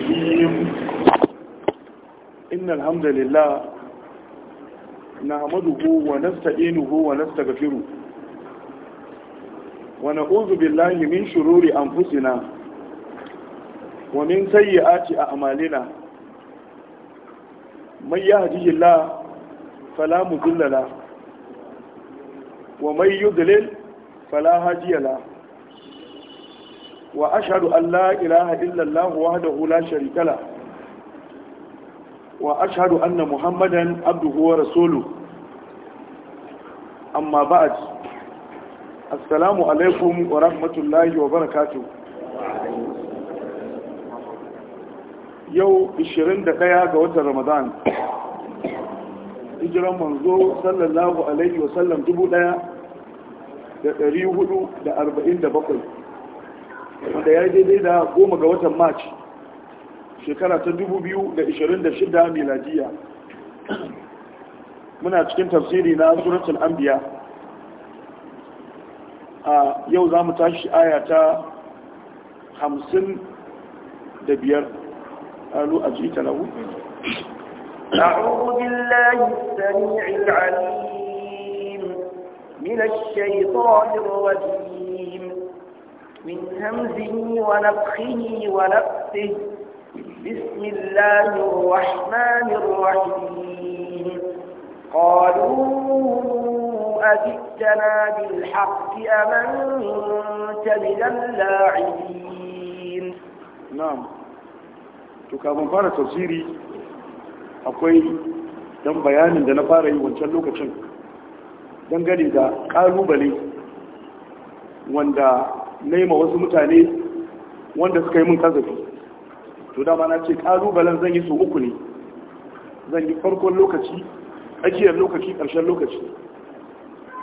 الرجيم إن الحمد لله نعمده ونستئنه ونستغفره ونعوذ بالله من شرور أنفسنا ومن سيئات أعمالنا من يهدي الله فلا مضل له ومن يضلل فلا هادي له wa ashadu an la ilaha illallah wahdahu la sharika la wa ashadu anna muhammadan abduhu wa amma ba'd assalamu alaikum wa rahmatullahi wa barakatuh yau 21 ga watan ramadan hijiran manzo sallallahu alaihi wa sallam 1447 wanda ya yi daidai da goma ga watan march shekara ta 2026 miladiya muna cikin tafsiri na suratun ambiya a yau za mu tashi aya ta 55 قالوا أجئت له أعوذ بالله السميع العليم من الشيطان الرجيم من همزه ونفخه ونفسه بسم الله الرحمن الرحيم قالوا أجئتنا بالحق أم أنت من اللاعبين نعم تكابن فارة تفسيري أقوي dan bayanin da na fara yi wancan lokacin dangane da wanda ma wasu mutane wanda suka yi mun kazafi to dama na ce ƙalubalen zan yi su uku ne zan yi farkon lokaci ajiyar lokaci ƙarshen lokaci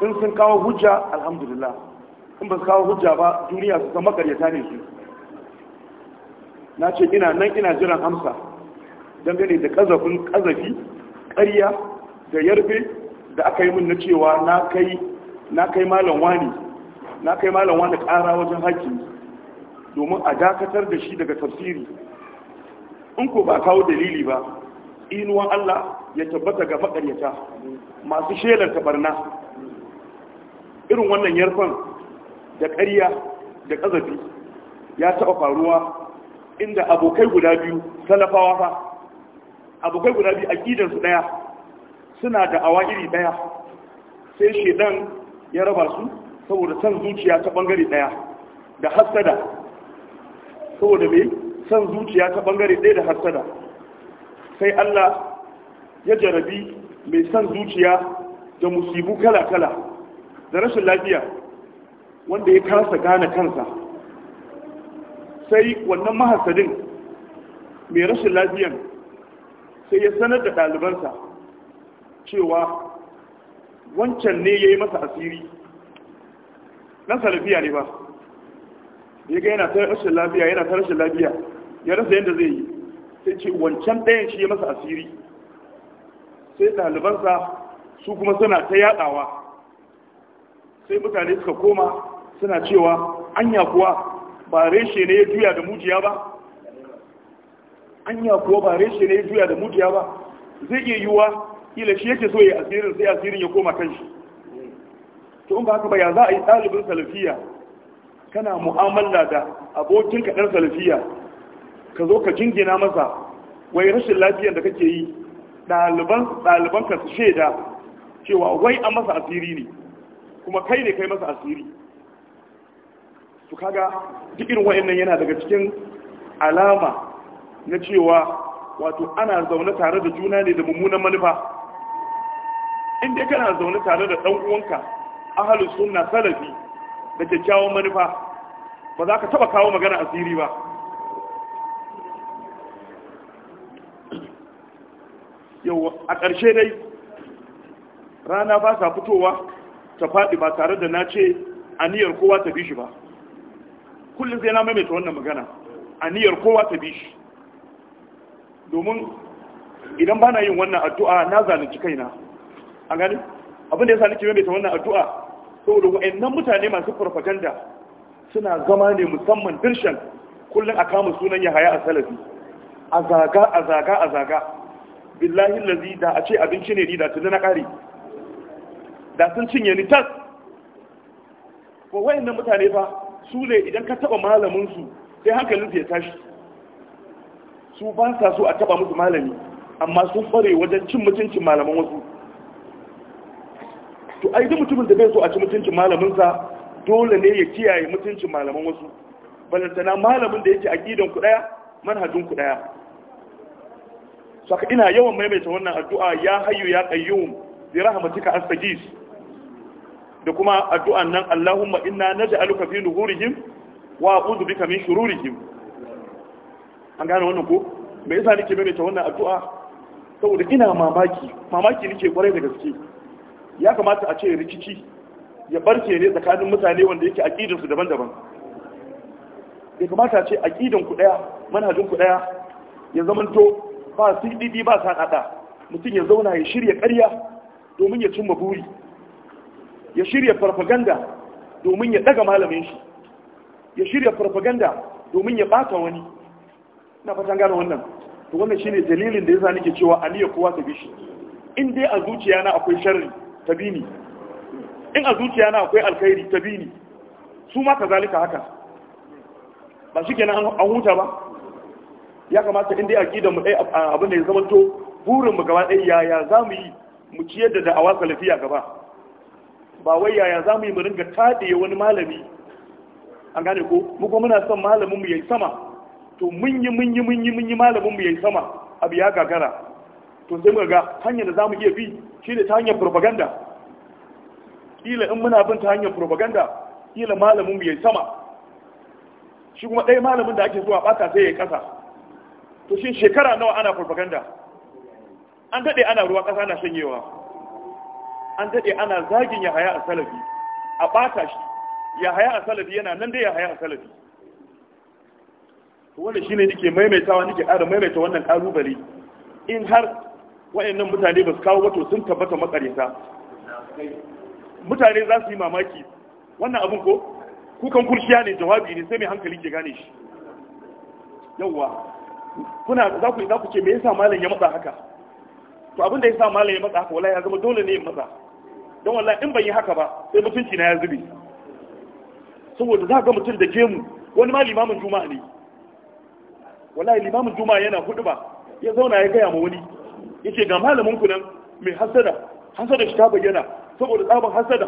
in sun kawo hujja alhamdulillah in ba su kawo hujja ba duniya su san makaryata ne su na ce ina nan ina jiran amsa dangane da kazafin kazafi ƙarya da yarfe da aka yi min na cewa na kai malam wani na kai malam wani ƙara wajen haƙƙi domin a dakatar da shi daga tafsiri in ko ba kawo dalili ba inuwan Allah ya tabbata ga maƙaryata masu shelar tabarna. irin wannan yarfan da ƙarya da ƙazafi ya taɓa faruwa inda abokai guda biyu talafawa fa abokai guda biyu aƙidansu ɗaya suna da awa iri ɗaya sai shedan ya raba su saboda san zuciya ta bangare daya da hasada saboda mai san zuciya ta bangare daya da hasada sai Allah ya jarabi mai san zuciya da musibu kala-kala da rashin lafiya wanda ya kasa gane kansa sai wannan mahasadin mai rashin lafiyan sai ya sanar da ɗalibansa cewa wancan ne ya yi masa asiri dan salafiya ne ba ya ga yana ta rashin lafiya yana ta rashin lafiya ya rasa yadda zai yi sai ce wancan ɗayan shi ya masa asiri sai ɗalibansa su kuma suna ta yaɗawa sai mutane suka koma suna cewa anya kuwa ba reshe ne ya juya da mujiya ba anya kuwa ba reshe ne ya juya da mujiya ba zai iya yiwuwa ila shi yake so ya asirin sai asirin ya koma kan shi to in ba haka ba ya za a yi ɗalibin salafiya kana mu'amala da abokin ka ɗan salafiya ka zo ka jingina masa wai rashin lafiyar da kake yi ɗaliban ka su shaida cewa wai an masa asiri ne kuma kai ne kai masa asiri to kaga duk irin wa'annan yana daga cikin alama na cewa wato ana zaune tare da juna ne da mummunan manufa in dai kana zaune tare da ɗan uwanka ahalus sunna salafi da kyakkyawan manufa ba za ka taba kawo magana asiri ba yau a ƙarshe dai rana ba ta fitowa ta faɗi ba tare da na ce aniyar kowa ta bishi ba kullum sai na maimaita wannan magana aniyar kowa ta bishi domin idan ba na yin wannan addu'a na zalunci kaina a gani abinda ya sa nake maimaita wannan addu'a saboda wa'annan mutane masu farfaganda suna zama ne musamman dirshan kullum a kama sunan ya haya a salafi a zaga a zaga a zaga billahi lazi da a ce abinci ne ni da tuni na ƙari da sun cinye ni tas wa wa'annan mutane fa su ne idan ka taɓa malaminsu sai su ya tashi su ba sa so a taɓa musu malami amma sun fare wajen cin mutuncin malaman wasu to ai duk mutumin da bai so a ci mutuncin sa dole ne ya kiyaye mutuncin malaman wasu balantana malamin da yake aqidan ku daya manhajin ku daya saka ina yawan maimaita wannan addu'a ya hayyu ya qayyum bi rahmatika astajis da kuma addu'an nan Allahumma inna naj'aluka fi nuhurihim wa a'udhu bika min shururihim an gane wannan ko me yasa nake maimaita wannan addu'a saboda ina mamaki mamaki nake kwarai da gaske ya kamata a ce rikici ya barke ne tsakanin mutane wanda yake aƙidansu daban-daban ya kamata a ce aƙidanku ɗaya manhajinku ɗaya ya zamanto ba cdd ba sa ɗaɗa mutum ya zauna ya shirya ƙarya domin ya cimma buri ya shirya farfaganda domin ya ɗaga malamin shi ya shirya farfaganda domin ya ɓata wani na fatan gane wannan to wannan shine dalilin da yasa nake cewa aniyar kowa ta bishi in dai a zuciya na akwai sharri ta in a zuciya na akwai alkhairi ta su ma kazalika haka ba shi kenan an huta ba ya kamata inda ya ƙi da mu abin da ya zama to burin mu gaba ɗaya yaya za mu yi mu ciyar da da'awa salafiya gaba ba wai yaya za mu yi mu ringa taɗe wani malami an gane ko mu kuma muna son malamin mu yayi sama to mun yi mun yi mun yi mun yi malamin mu yayi sama abu ya gagara to sai muka ga hanyar da zamu iya bi shine ta hanyar propaganda kila in muna bin ta hanyar propaganda kila malamin mu yayi sama shi kuma ɗaya malamin da ake zuwa bata sai ya ƙasa to shi shekara nawa ana propaganda an daɗe ana ruwa ƙasa na shanyewa an daɗe ana zagin ya haya a salafi a ɓata shi ya haya a salafi yana nan dai ya haya a salafi wannan shi ne maimaitawa nake ƙara maimaita wannan ƙalubale in har wayannan mutane ba su kawo wato sun tabbata makarinta mutane za su yi mamaki wannan abin ko kukan kurciya ne jawabi ne sai mai hankali ke gane shi yawwa kuna za ku za ku ce me yasa malam ya matsa haka to abin da yasa malam ya matsa haka wallahi ya zama dole ne ya matsa don wallahi in ban yi haka ba sai mutunci na ya zube saboda za ga mutum da ke mu wani ma limamin juma'a ne wallahi limamin juma'a yana hudu ba ya zauna ya gaya ma wani yace ga malamin ku nan mai hasada hasada shi ta bayyana saboda tsabar hasada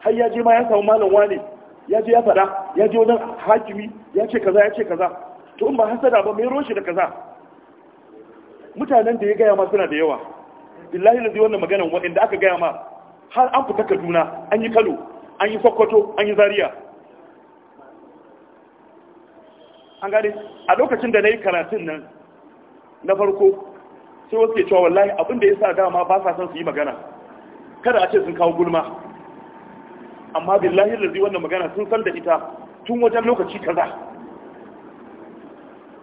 har ya je ma ya samu malam wani ya je ya fada ya je wajen hakimi ya ce kaza ya ce kaza to in ba hasada ba mai roshi da kaza mutanen da ya gaya ma suna da yawa billahi lazi wannan maganan wanda aka gaya ma har an fita kaduna an yi kano an yi sokoto an yi Zariya, an gane a lokacin da na yi karatun nan na farko sai wasu ke cewa wallahi abin da ya sa dama ba sa son su yi magana kada a ce sun kawo gulma amma billahi lalzi wannan magana sun san da ita tun wajen lokaci kaza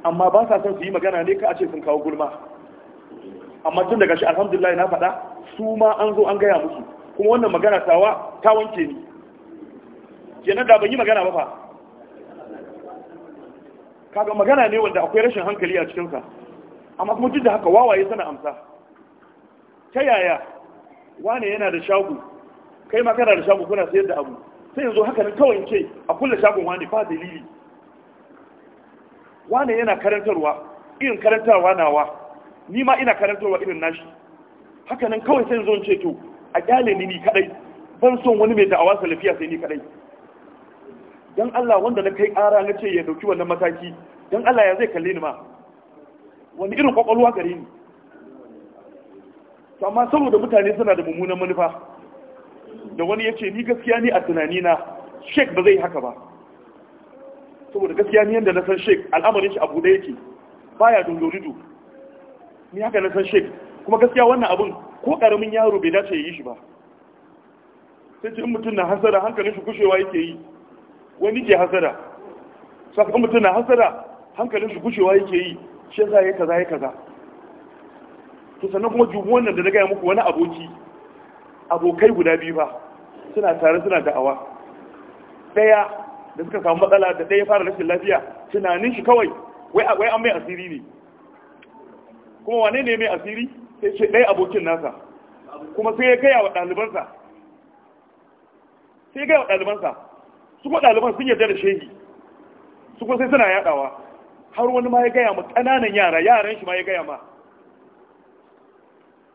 amma ba sa son su yi magana ne ka a ce sun kawo gulma amma tun daga shi alhamdulillah na faɗa su ma an zo an gaya musu kuma wannan magana tawa ta wanke ni kenan da ban yi magana ba fa kaga magana ne wanda akwai rashin hankali a cikinsa amma kuma duk da haka wawaye sana amsa ta yaya wane yana da shago kai ma kana da shago kuna sayar da abu sai yanzu haka ne kawai ce a kulle shagon wani ba dalili wane yana karantarwa irin karantarwa nawa ni ma ina karantarwa irin nashi haka nan kawai sai yanzu ce to a kyale ni ni kadai ban son wani mai da'awa salafiya sai ni kadai dan Allah wanda na kai ƙara na ce ya dauki wannan mataki dan Allah ya zai kalle ni ma wani irin kwakwalwa gare ni amma saboda mutane suna da mummunan manufa da wani ya ce ni gaskiya ni a tunanina sheik ba zai haka ba saboda gaskiya ni yadda na san sheik al'amarin shi abu da yake baya dondorido ni haka na san sheik kuma gaskiya wannan abun ko karamin yaro bai dace ya yi shi ba sai ce in mutum na hasara hankalin shi kushewa yake yi wani ke hasara sakamakon mutum na hasara hankalin shi kushewa yake yi shi a yi kaza ya kaza to sannan kuma jubu wannan da na gaya muku wani aboki abokai guda biyu ba suna tare suna da'awa daya da suka samu matsala da daya fara rashin lafiya tunanin shi kawai wai an mai asiri ne kuma wane ne mai asiri sai ce ɗaya abokin nasa kuma sai ya gaya wa ɗalibansa sai ya gaya wa ɗalibansa su kuma ɗaliban sun yarda da shehi su kuma sai suna yaɗawa har wani ma ya gaya ma ƙananan yara yaran shi ma ya gaya ma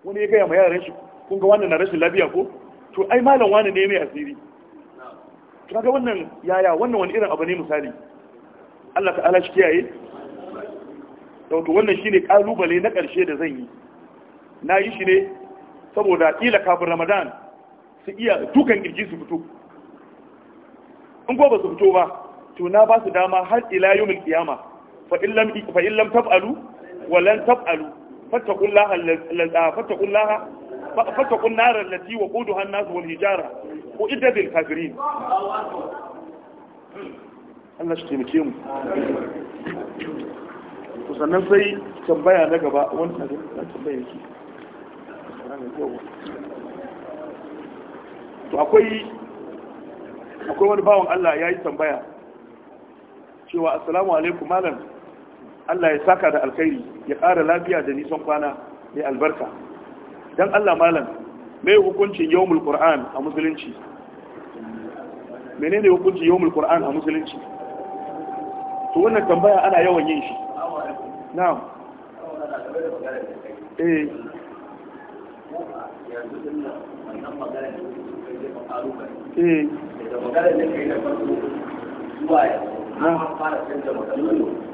wani ya gaya ma yaran shi kun ga wannan na rashin lafiya ko to ai malam wani ne mai asiri To ga wannan yaya wannan wani irin abu ne misali Allah ta'ala shi kiyaye to wannan shine kalubale na karshe da zan yi na yi shi ne saboda ƙila kafin ramadan su iya dukan kirji su fito in ko ba su fito ba to na ba su dama har ila yumul kiyama fa in lam taf'alu wa lan taf'alu fattaqullaha fattaqullaha fattakun narar lati wa kudu hannasu wani hijara ko idda bil kafirin Allah shi taimake mu to sannan sai tambaya na gaba wani na tambaya yake to akwai akwai wani bawan Allah ya yi tambaya cewa assalamu alaikum malam Allah ya saka da alkhairi ya ƙara lafiya da nisan kwana mai albarka don Allah malam mai hukuncin yawmul qur'an a musulunci menene hukuncin yawmul qur'an a musulunci to wannan tambaya ana yawan yin shi na'am eh eh da magana da kai da farko zuwa ya fara canza maganganu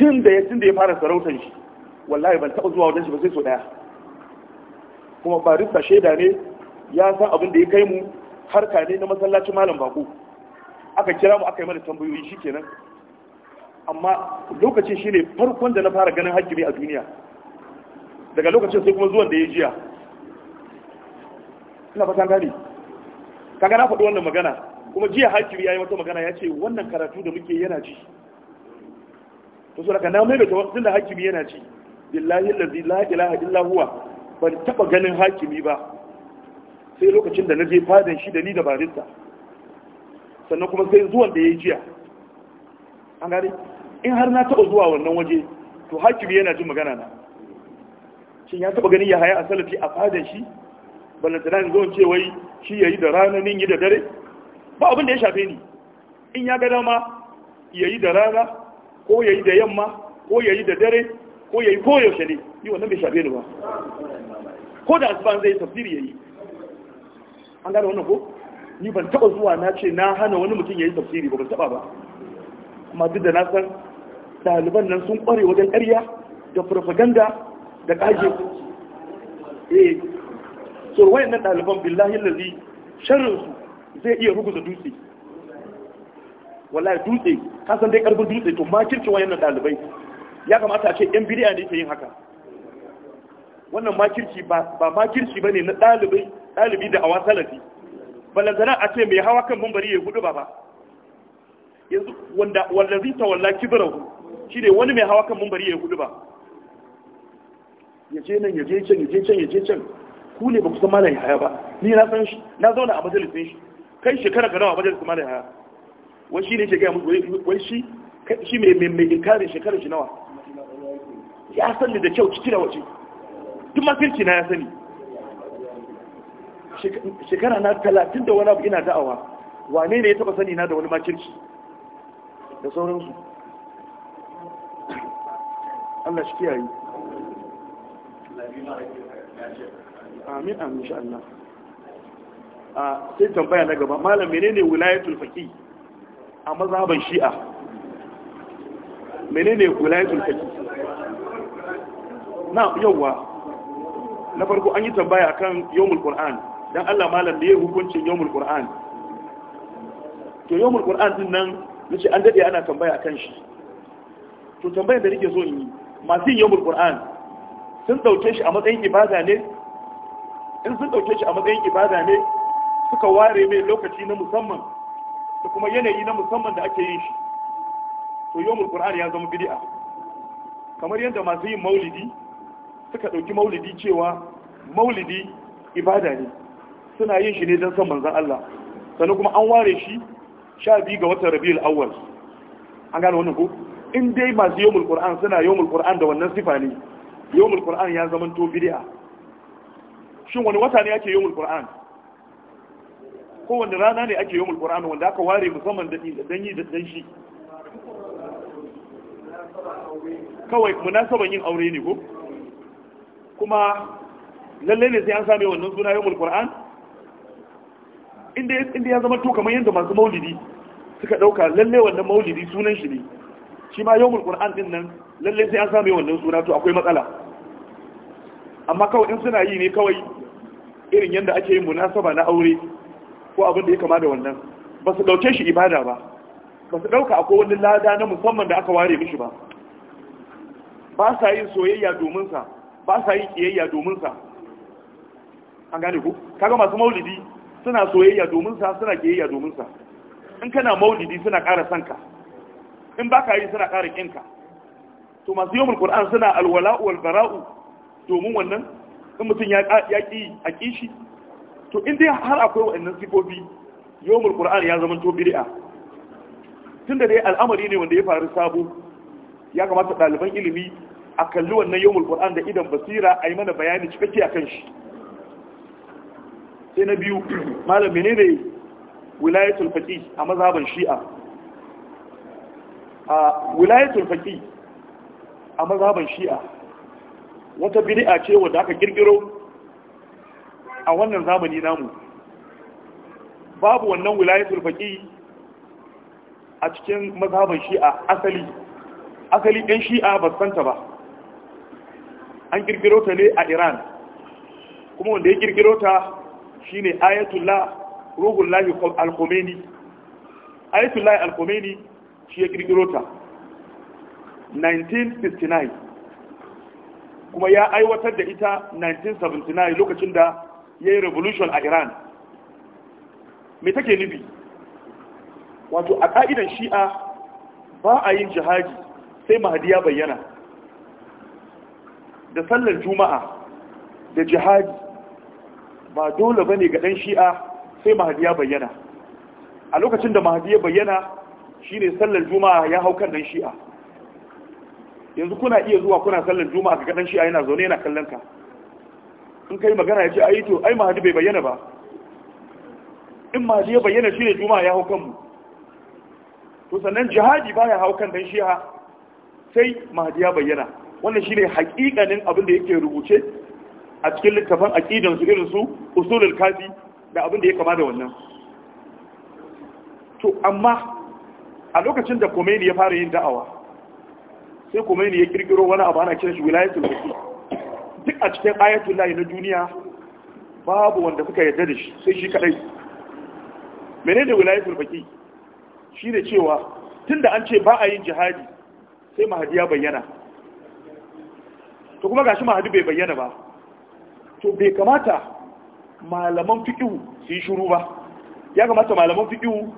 tun da ya tun ya fara sarautar shi wallahi ban taɓa zuwa wajen shi ba sai so ɗaya kuma barista shaida ne ya san abin da ya kai mu harka ne na masallacin malam baku. aka kira mu aka yi mana tambayoyi shi kenan amma lokacin shi ne farkon da na fara ganin hakimi a duniya daga lokacin sai kuma zuwan da ya jiya ina fatan gani kaga na faɗi wannan magana kuma jiya hakimi ya yi wata magana ya ce wannan karatu da muke yana ji to so daga na mai da tun da hakimi yana ci billahi allazi la ilaha illa huwa ban taba ganin hakimi ba sai lokacin da na je fadan shi da ni da barista sannan kuma sai zuwan da ya yi jiya an gane in har na taba zuwa wannan waje to hakimi yana jin magana na shin ya taba ganin ya haya a salafi a fadan shi ballantana ne zuwan ce wai shi yayi da rana yi da dare ba abin da ya shafe ni in ya ga dama yayi da rana ko ya yi da yamma ko ya yi da dare ko ya yi ko yaushe ne yi wannan bai shafe ni ba ko da asibar zai tafsiri ya yi an gane wannan ko ni ban taba zuwa na ce na hana wani mutum ya yi tafsiri ba ban taba ba amma duk da na san ɗaliban nan sun ƙware wajen ƙarya da farfaganda da ƙage eh so wayannan ɗaliban billahi lazi sharrinsu zai iya ruguza dutse wallahi dutse ka san dai karfin dutse to makircin wayannan dalibai ya kamata a ce yan bidiya ne ke yin haka wannan makirci ba makirci ba ne na dalibai dalibi da awa salafi balantana a ce mai hawa kan mambari ya gudu ba ba yanzu wanda wallazi ta walla kibirahu shi ne wani mai hawa kan mambari ya gudu ba ya je nan ya je can ya je can ya je can ku ne ba ku san malam haya ba ni na san shi na zauna a majalisin shi kai shekara ka nawa majalisin malam haya wai shi ne ke gaya musu wai shi shi mai mai inkarin shekarar shi nawa ya sani da kyau cikin da waje duk makirci na ya sani shekara na talatin da wani abu ina da'awa wane ne ya taba sani na da wani makirci da sauransu Allah shi kiyaye amin amin sha Allah a sai tambaya na gaba malam menene wilayatul faqih a mazhaban shi'a menene wilayatul faqih na yawa na farko an yi tambaya akan yawmul qur'an dan Allah malam da ya hukuncin yawmul qur'an to yawmul qur'an din nan nace an dade ana tambaya akan shi to tambayar da nake so in yi masu yawmul qur'an sun dauke shi a matsayin ibada ne in sun dauke shi a matsayin ibada ne suka ware mai lokaci na musamman da kuma yanayi na musamman da ake yin shi to yawmul qur'ani ya zama bid'a kamar yadda masu yin maulidi suka ɗauki maulidi cewa maulidi ibada ne suna yin shi ne don san manzan Allah sannan kuma an ware shi sha biyu ga watan rabiul awwal an gane wannan ko in dai masu yawmul qur'an suna yawmul qur'an da wannan sifa ne yawmul qur'an ya zama to bid'a shin wani wata ne ake yawmul qur'an kowanne rana ne ake yawon ƙur'ani wanda aka ware musamman da danyi da dan shi kawai munasaban yin aure ne ko kuma lalle ne sai an same wannan suna yawon ƙur'an inda ya zama to kamar yadda masu maulidi suka ɗauka lalle wannan maulidi sunan shi ne shi ma yawon ƙur'an din nan lalle sai an same wannan suna to akwai matsala amma kawai in suna yi ne kawai irin yadda ake yin munasaba na aure ko abin da ya kama da wannan ba su ɗauke shi ibada ba ba su ɗauka akwai wani lada na musamman da aka ware mishi ba ba sa yin soyayya domin sa ba sa yin kiyayya domin sa an gane ku kaga masu maulidi suna soyayya domin sa suna kiyayya domin sa in kana maulidi suna ƙara sanka in ba ka yi suna ƙara ƙinka to masu yawon qur'an suna alwala'u wal bara'u domin wannan in mutum ya ƙi a ƙishi to in dai har akwai waɗannan sifofi yawon ya zama to tun tunda dai al'amari ne wanda ya faru sabo ya kamata ɗaliban ilimi a kalli wannan yawon da idan basira a yi mana bayani cikakke kan shi sai na biyu malam ne wilayatul faqih a mazhaban shi'a a wilayatul a mazhaban shi'a wata bidi'a ce wanda aka girgiro? a wannan zamani namu babu wannan wilayatul faqi a cikin mazhaban shi'a asali asali ɗan shi'a ba santa ba an kirkiro ta ne a iran kuma wanda ya kirkiro ta shine ayatullah ruhullahi al-khomeini ayatullah al-khomeini shi ya kirkiro ta 1969 kuma ya aiwatar da ita 1979 lokacin da ya yi revolution a iran mai take nufi wato a ƙa'idan shi'a ba a yin jihadi sai mahadi ya bayyana da sallar juma'a da jihadi ba dole ba ne ga ɗan shi'a sai mahadi ya bayyana a lokacin da mahadi ya bayyana shine sallar juma'a ya hau kan ɗan shi'a yanzu kuna iya zuwa kuna sallar juma'a ga ɗan shi'a yana zaune yana kallon ka in kai magana ya ce ai to ai mahadi bai bayyana ba in mahadi ya bayyana shi ne juma'a ya hau kanmu to sannan jihadi baya hau kan dan shiha sai mahadi ya bayyana wannan ne hakikanin abin da yake rubuce a cikin littafin aqidan su irin su usulul kafi da abin da ya kama da wannan to amma a lokacin da ne ya fara yin da'awa sai ne ya kirkiro wani abu ana kiran shi wilayatul wasil duk a cikin ayatul lahi na duniya babu wanda suka yarda da shi sai shi kadai menene wilayatul baki? shi ne cewa tunda an ce ba a yin jihadi sai mahadi ya bayyana to kuma gashi mahadi bai bayyana ba to bai kamata malaman fikihu su yi shiru ba ya kamata malaman fikihu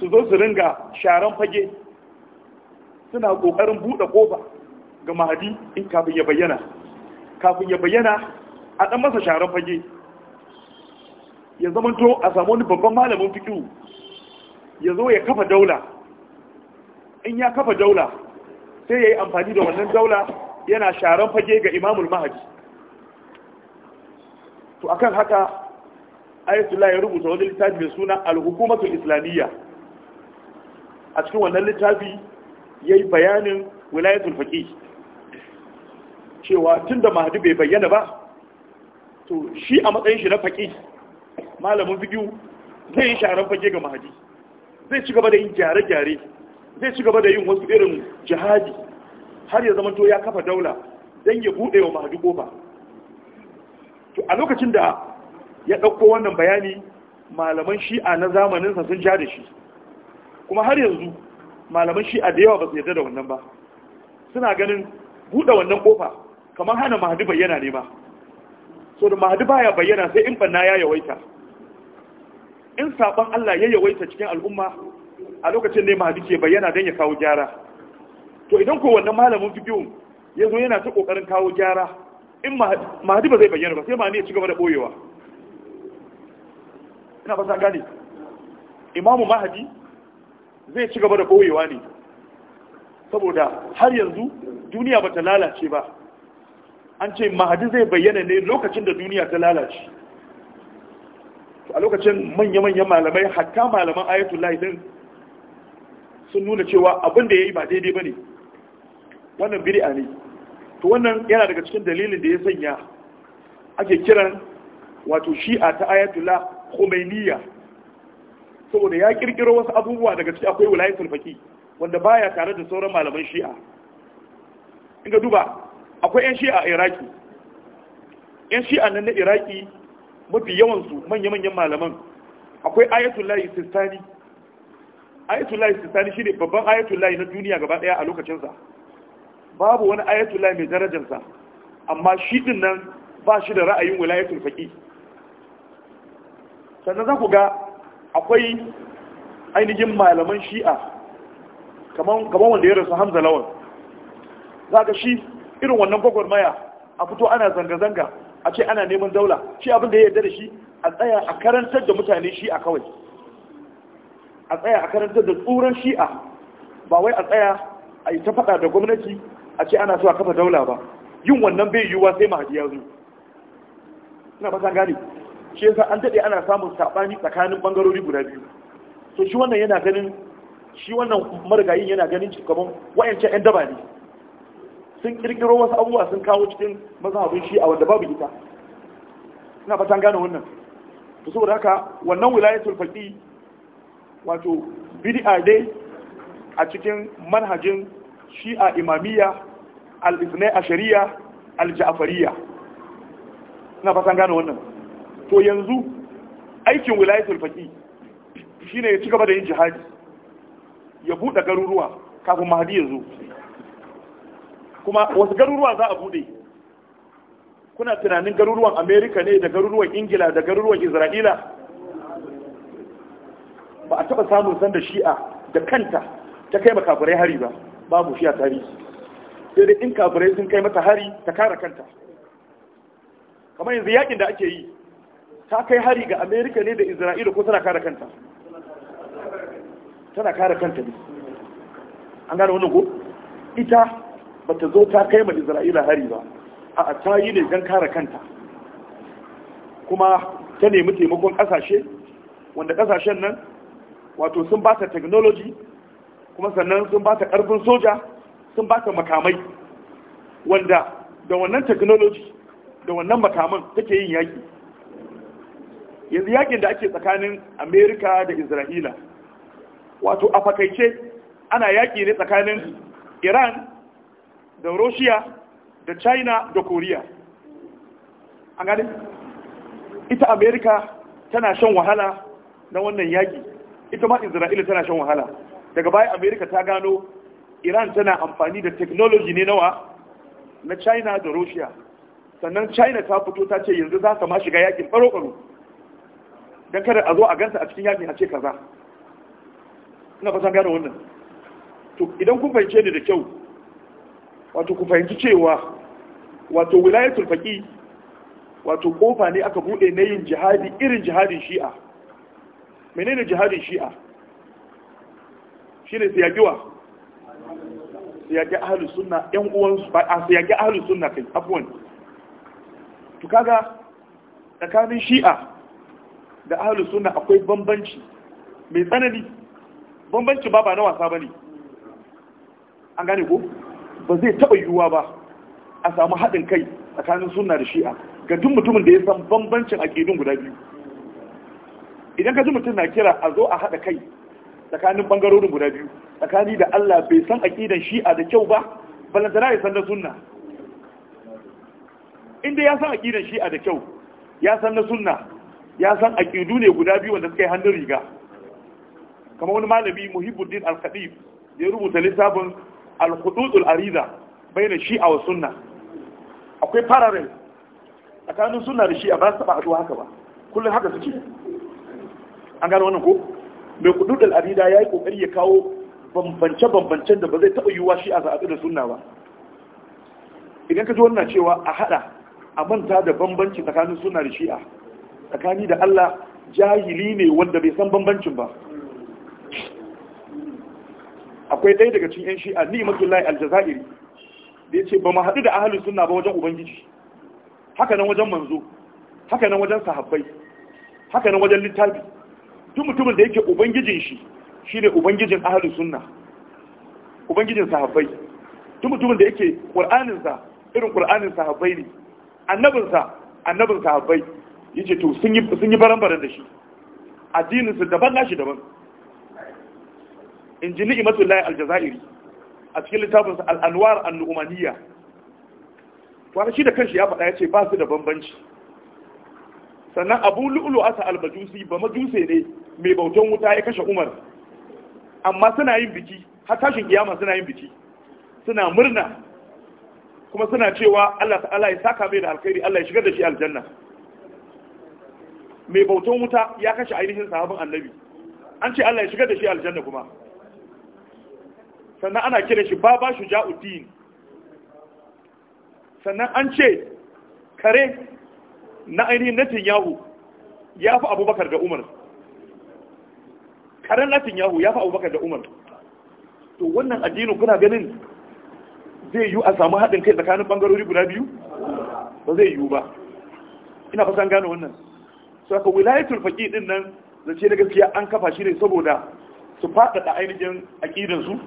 su zo su ringa sharan fage suna kokarin buɗe ƙofa ga mahadi in kafin ya bayyana kafin ya bayyana a ɗan masa sharan fage ya zamanto a samu wani babban malamin fikiru ya zo ya kafa daula in ya kafa daula sai ya yi amfani da wannan daula yana sharan fage ga imamul mahaji to akan haka ayatollah ya rubuta wani littafi mai suna al'hukumatul islamiyya a cikin wannan littafi ya yi bayanin wilayatul faqih cewa tun da mahadi bai bayyana ba to shi a matsayin shi na faƙi malamin fiƙi zai yi sharan fage ga mahadi zai ci gaba da yin gyare-gyare zai ci gaba da yin wasu irin jihadi har ya zama to ya kafa daula don ya buɗe wa mahadi ƙofa to a lokacin da ya ɗauko wannan bayani malaman shi'a na zamaninsa sun ja da shi kuma har yanzu malaman shi'a da yawa ba su yarda da wannan ba suna ganin buɗe wannan ƙofa kamar hana mahadi bayyana ne ba so da mahadi baya bayyana sai in banna ya yawaita in saban Allah ya yawaita cikin al'umma a lokacin ne mahadi ke bayyana don ya kawo gyara to idan ko wannan malamin fiqh ya zo yana ta kokarin kawo gyara in mahadi ba zai bayyana ba sai mahadi ya ci gaba da boyewa ina fasa gane imamu mahadi zai ci gaba da boyewa ne saboda har yanzu duniya bata lalace ba an ce mahadi zai bayyana ne lokacin da duniya ta lalace a lokacin manya-manyan malamai hatta malaman ayatollah din sun nuna cewa abin da ya yi ba daidai ba ne wannan biri'a ne to wannan yana daga cikin dalilin da ya sanya ake kiran wato shi'a ta ayatollah khomeiniya saboda ya kirkiro wasu abubuwa daga ciki akwai wilayatul faqih wanda baya tare da sauran malaman shi'a in ga duba akwai 'yan shi'a a iraki 'yan shi'a nan na iraki mafi yawansu manya-manyan malaman akwai ayatullahi sistani ayatullahi sistani shi ne babban ayatullahi na duniya gaba daya a lokacinsa babu wani ayatullahi mai darajarsa amma shi din nan ba shi da ra'ayin wilayatul faƙi sannan za ku ga akwai ainihin malaman shi'a kamar wanda ya rasu hamza lawan za ka shi irin wannan gwagwarmaya a fito ana zanga-zanga a ce ana neman daula shi abin da ya yarda da shi a tsaya a karantar da mutane shi a kawai a tsaya a karantar da shi shi'a ba wai a tsaya a yi ta faɗa da gwamnati a ce ana so a kafa daula ba yin wannan bai yiwuwa sai mahadi ya zo ina ba gane shi yasa an daɗe ana samun saɓani tsakanin ɓangarori guda biyu to shi wannan yana ganin shi wannan marigayin yana ganin kamar wayancan 'yan daba ne sun kirkiro wasu abubuwa sun kawo cikin mazhabin a wanda babu ita ina fatan gane wannan to saboda haka wannan wilayatul faqi wato bid'a dai a cikin manhajin shi'a imamiyya al-ithnai ashariya al jafariya ina fatan gane wannan to yanzu aikin wilayatul faqi shine ya ci gaba da yin jihadi ya buɗe garuruwa kafin mahadi ya zo kuma wasu garuruwa za a bude kuna tunanin garuruwan amerika ne da garuruwan ingila da garuruwan isra'ila ba a taba samun sanda shi'a da kanta ta kai makafirai hari ba babu shi'a tarihi sai dai in kafirai sun kai mata hari ta kare kanta kamar yanzu yakin da ake yi ta kai hari ga amerika ne da isra'ila ko tana kare kanta tana kare kanta ne an gane wannan ko ita ba ta zo ta kai ma isra'ila hari ba a ta yi ne don kare kanta kuma ta nemi taimakon kasashe wanda kasashen nan wato sun ba ta technology kuma sannan sun ba ta karfin soja sun ba ta makamai wanda da wannan technology da wannan makaman take yin yaki yanzu yakin da ake tsakanin amerika da isra'ila wato a fakaice ana yaki ne tsakanin iran da russia da china da korea an gane ita america tana shan wahala na wannan yaki ita ma isra'ila tana shan wahala daga baya america ta gano iran tana amfani da technology ne nawa na china da russia sannan china ta fito ta ce yanzu za ta ma shiga yakin baro-baro don kada a zo a ganta a cikin yakin a ce kaza ina fatan gano wannan to idan kun fahimce ni da kyau wato ku fahimci cewa wato wilayatul faqi wato kofa ne aka bude na yin jihadi irin jihadin shi'a menene jihadin shi'a shine su yaki wa su ahlus sunna yan uwansu ba a su yaki ahlus sunna kai afwan to kaga tsakanin shi'a da ahlus sunna akwai bambanci mai tsanani bambanci ba ba na wasa bane an gane ko ba zai taɓa yiwuwa ba a samu haɗin kai tsakanin sunna da shi'a ga duk mutumin da ya san bambancin aƙidun guda biyu idan ka ji mutum na kira a zo a haɗa kai tsakanin ɓangarorin guda biyu tsakani da Allah bai san aƙidan shi'a da kyau ba balantana ya san na sunna inda ya san aƙidan shi'a da kyau ya san na sunna ya san aƙidu ne guda biyu wanda suka yi hannun riga kamar wani malami muhibbuddin al-khatib ya rubuta littafin al-hududul ariza baina shi'a wa sunna akwai parallel tsakanin sunna da shi'a ba su taba haduwa haka ba kullum haka suke an gano wannan ko mai hududul ariza yayi kokari ya kawo bambance-bambancen da ba zai taba yiwuwa shi'a za a da sunna ba idan ka ji wannan cewa a hada a manta da bambanci tsakanin sunna da shi'a tsakani da Allah jahili ne wanda bai san bambancin ba akwai ɗaya daga cikin yan shi'a ni matullahi aljazairi da yace ba mu haɗu da ahlus sunna ba wajen ubangiji haka nan wajen manzo haka nan wajen sahabbai haka nan wajen littafi duk mutumin da yake ubangijin shi shine ubangijin ahlus sunna ubangijin sahabbai duk mutumin da yake qur'anin sa irin qur'anin sahabbai ne annabin sa annabin sahabbai yace to sun yi sun yi baran-baran da shi addinin su daban nashi daban in ji ni'imatullahi aljazairi a cikin littafinsa al'anwar annu'umaniya wani shi da kanshi ya faɗa ya ce ba su da bambanci sannan abu lu'ulu asa albajusi ba majuse ne mai bautan wuta ya kashe umar amma suna yin biki har tashin kiyama suna yin biki suna murna kuma suna cewa Allah ta'ala ya saka mai da alkhairi Allah ya shigar da shi aljanna mai bautan wuta ya kashe ainihin sahabin annabi an ce Allah ya shigar da shi aljanna kuma sannan ana kira shi baba shuja'uddin sannan an ce kare na ainihin natin yahu ya fi abubakar da umar karen natin yahu ya fi abubakar da umar to wannan addini kuna ganin zai yiwu a samu haɗin kai tsakanin ɓangarori guda biyu ba zai yiwu ba ina fasan gano wannan su aka wilayatul faƙi ɗin nan zace na gaskiya an kafa shi ne saboda su faɗaɗa ainihin aƙidansu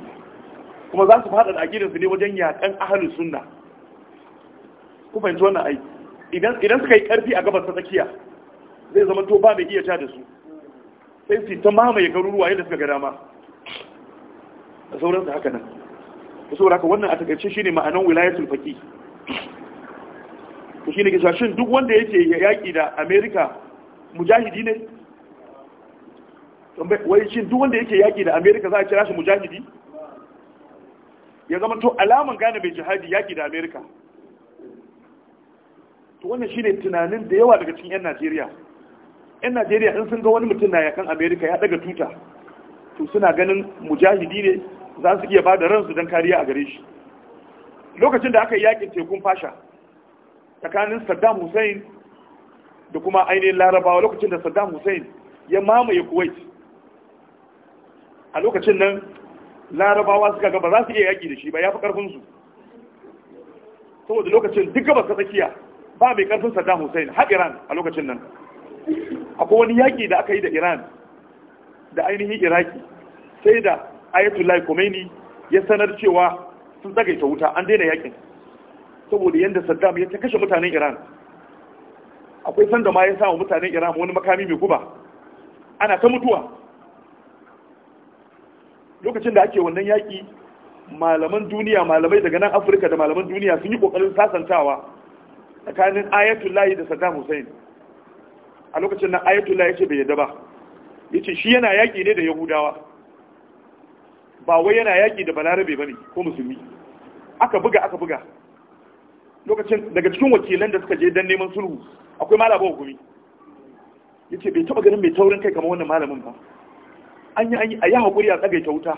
kuma za su da aƙidarsu ne wajen yaƙan ahalin sunna ku fahimci wannan ai idan suka yi ƙarfi a gabas ta tsakiya zai zama to ba mai iya ta da su sai su ta mamaye garuruwa yadda suka ga dama da sauransu haka nan da saboda haka wannan a takaice shine ma'anan wilayatul faqi to shine kisa shin duk wanda yake yaƙi da America mujahidi ne wai shin duk wanda yake yaƙi da America za a kira shi mujahidi ya zama to alaman gane mai jihadi yaƙi da amerika to wannan shine tunanin da yawa daga cikin 'yan najeriya 'yan najeriya in sun ga wani mutum na yakan amerika ya daga tuta to suna ganin mujahidi ne za su iya ba da ransu don kariya a gare shi lokacin da aka yi yakin tekun fasha tsakanin saddam hussein da kuma ainihin larabawa lokacin da saddam hussein ya mamaye kuwait a lokacin nan larabawa suka ga ba za su iya yaƙi da shi ba ya fi ƙarfinsu saboda lokacin duk gabas ka tsakiya ba mai ƙarfin saddam hussein har iran a lokacin nan akwai wani yaƙi da aka yi da iran da ainihin iraki sai da ayatollah khomeini ya sanar cewa sun tsagaita wuta an daina yaƙin saboda yadda saddam ya ta kashe mutanen iran akwai sanda ma ya sa wa mutanen iran wani makami mai guba ana ta mutuwa lokacin da ake wannan yaƙi malaman duniya malamai daga nan afirka da malaman duniya sun yi ƙoƙarin sasantawa tsakanin layi da saddam hussein a lokacin nan ayatul ya ce bai yadda ba ya ce shi yana yaƙi ne da yahudawa ba wai yana yaƙi da balarabe ba ne ko musulmi aka buga aka buga lokacin daga cikin wakilan da suka je don neman sulhu akwai malaba hukumi ya ce bai taɓa ganin mai taurin kai kamar wannan malamin ba an yi a yi haƙuri a ta wuta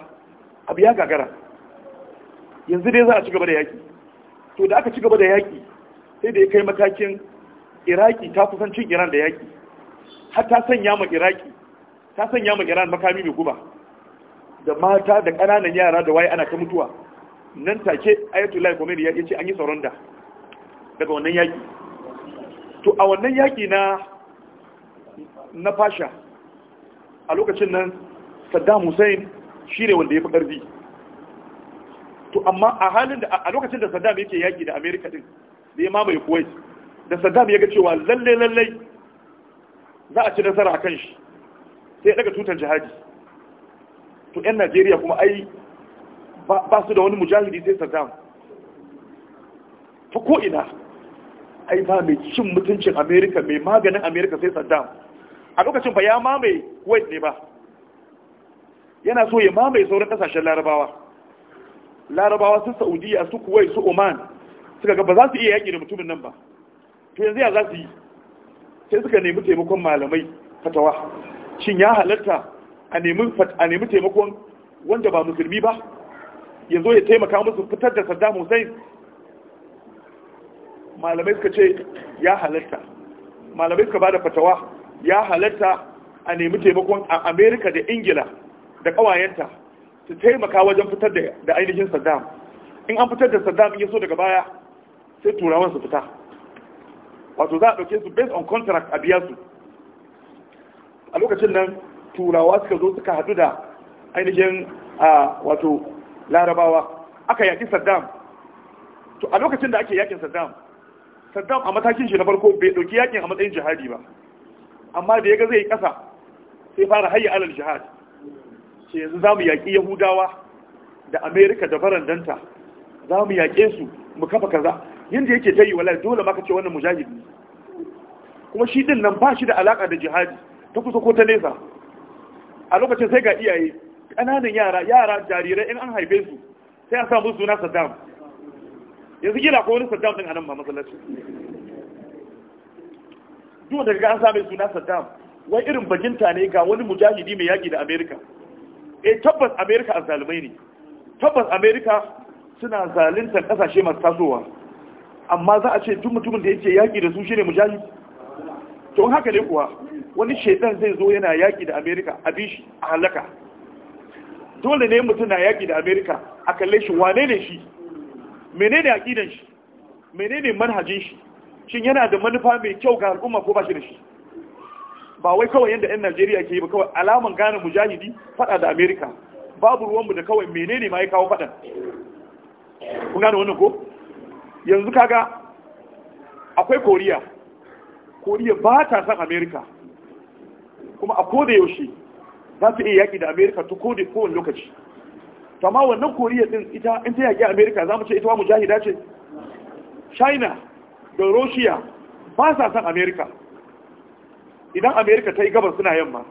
abu ya gagara yanzu dai za a ci gaba da yaƙi to da aka ci gaba da yaƙi sai da ya kai matakin iraki ta kusancin cin iran da yaƙi har ta sanya ma iraki ta sanya ma iran makami mai guba da mata da ƙananan yara da waye ana ta mutuwa nan take ayatollah khomeini ya ce an yi da daga wannan yaƙi to a wannan yaƙi na na fasha a lokacin nan saddam hussein shi ne wanda ya fi ƙarfi to amma a halin da a lokacin da saddam yake yaƙi da amerika din da ya mamaye kuwait da saddam ya ga cewa lalle lalle za a ci nasara a kan shi sai ya daga tutar jihadi to 'yan najeriya kuma ai ba su da wani mujahidi sai saddam ta ko'ina ai ba mai cin mutuncin amerika mai maganin amerika sai saddam a lokacin ba ya mamaye kuwait ne ba yana so ya mamaye sauran kasashen larabawa larabawa su saudiya su kuwai su oman suka ga ba za su iya yaƙi da mutumin nan ba to yanzu ya za su yi sai suka nemi taimakon malamai fatawa shin ya halatta a nemi taimakon wanda ba musulmi ba yanzu ya taimaka musu fitar da saddam hussein malamai suka ce ya halatta malamai suka ba da fatawa ya halatta a nemi taimakon a amerika da ingila da kawayenta su taimaka wajen fitar da ainihin saddam in an fitar da saddam ya so daga baya sai turawan su fita wato za a ɗauke su based on contract a biya su a lokacin nan turawa suka zo suka hadu da ainihin wato larabawa aka yaƙi saddam to a lokacin da ake yaƙin saddam saddam a matakin shi na farko bai ɗauki yaƙin a matsayin jihadi ba amma da ya ga zai yi ƙasa sai fara hayi alal jihadi ce yanzu za mu yaƙi yahudawa da amerika da barandanta za mu yaƙe su mu kafa kaza yadda yake ta yi wala dole maka ce wannan mujahidi kuma shi din nan ba shi da alaƙa da jihadi ta kusa ko ta nesa a lokacin sai ga iyaye ƙananan yara yara jarirai in an haife su sai a samu suna saddam yanzu gila ko wani saddam din a nan ba masallaci duk da ga an same suna saddam wai irin baginta ne ga wani mujahidi mai yaƙi da amerika eh tabbas america azzalumai ne tabbas Amerika suna zaluntar kasashe masu tasowa amma za a ce tun mutumin da yake yaki da su shine mujahid to haka ne kuwa wani shedan zai zo yana yaki da america a bishi a halaka dole ne mutum na yaki da Amerika a kalle shi wane ne shi menene aqidan shi menene manhajin shi shin yana da manufa mai kyau ga al'umma ko ba shi da shi ba wai kawai yadda 'yan najeriya ke yi ba kawai alaman gane mujahidi fada da amerika babu ruwanmu da kawai menene ma ya kawo fadan kun gane wannan ko yanzu kaga akwai koriya koriya ba ta san amerika kuma a koda yaushe za ta iya yaƙi da amerika ta koda kowane lokaci Tama wannan koriya din ita in ta yaƙi amerika za mu ce ita wa mujahida ce china da russia ba sa san amerika idan amerika ta yi gabar suna yamma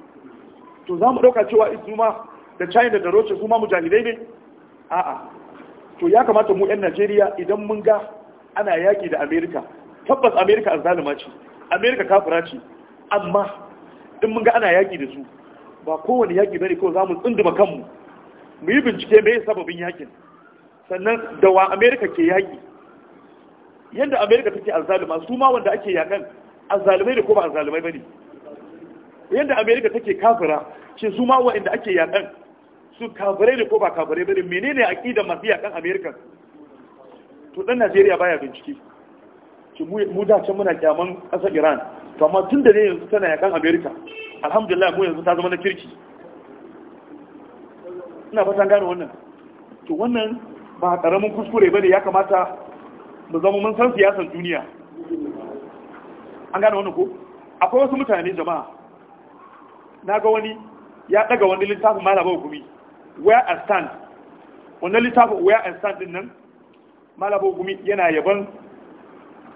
to za mu ɗauka cewa izuma da china da roce su ma mujahidai ne a'a to ya kamata mu 'yan najeriya idan mun ga ana yaƙi da amerika tabbas amerika zalima ce amerika kafura ce amma in mun ga ana yaƙi da su ba kowane yaƙi bane kawai za mu tsinduma kanmu mu yi bincike me ya sababin yaƙin sannan da wa amerika ke yaƙi yadda amerika take azzalima su ma wanda ake yaƙan azzalimai ne ko ba azzalimai bane yadda amerika take kafira shi su ma wa'anda ake yakan su kafirai ne ko ba kafirai a menene da masu yakan amerika to dan najeriya baya bincike ki mu da can muna kyaman ƙasa iran to amma tun da ne yanzu tana yakan amerika alhamdulillah mu yanzu ta zama na kirki ina fatan gane wannan to wannan ba karamin kuskure bane ya kamata mu zama mun san siyasar duniya an gane wannan ko akwai wasu mutane jama'a na ga wani ya daga wani littafin malaba gumi where and stand wannan littafin where and stand din nan malaba gumi yana yaban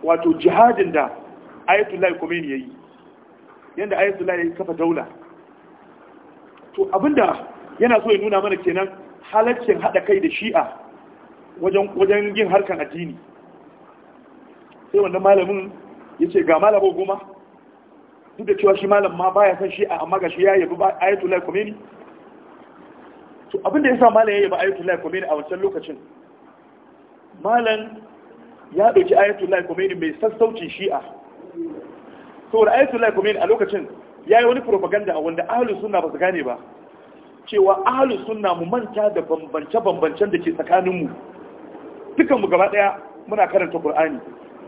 wato jihadin da ayatollah ya yayi yanda ayatollah ya kafa daula to abinda yana so ya nuna mana kenan halaccin hada kai da shi'a wajen wajen yin harkan addini sai wannan malamin yace ga malaba goma duk da cewa shi malam ma baya san shi'a amma ga shi ya yabi ayatollah khomeini to abin da yasa malam ya yabi ayatollah khomeini a wancan lokacin malam ya dauki ayatollah khomeini mai sassaucin shi'a saboda ayatollah khomeini a lokacin ya yi wani propaganda wanda ahlus sunna ba su gane ba cewa ahlus sunna mu manta da bambance-bambancen da ke tsakaninmu dukanmu gaba daya muna karanta qur'ani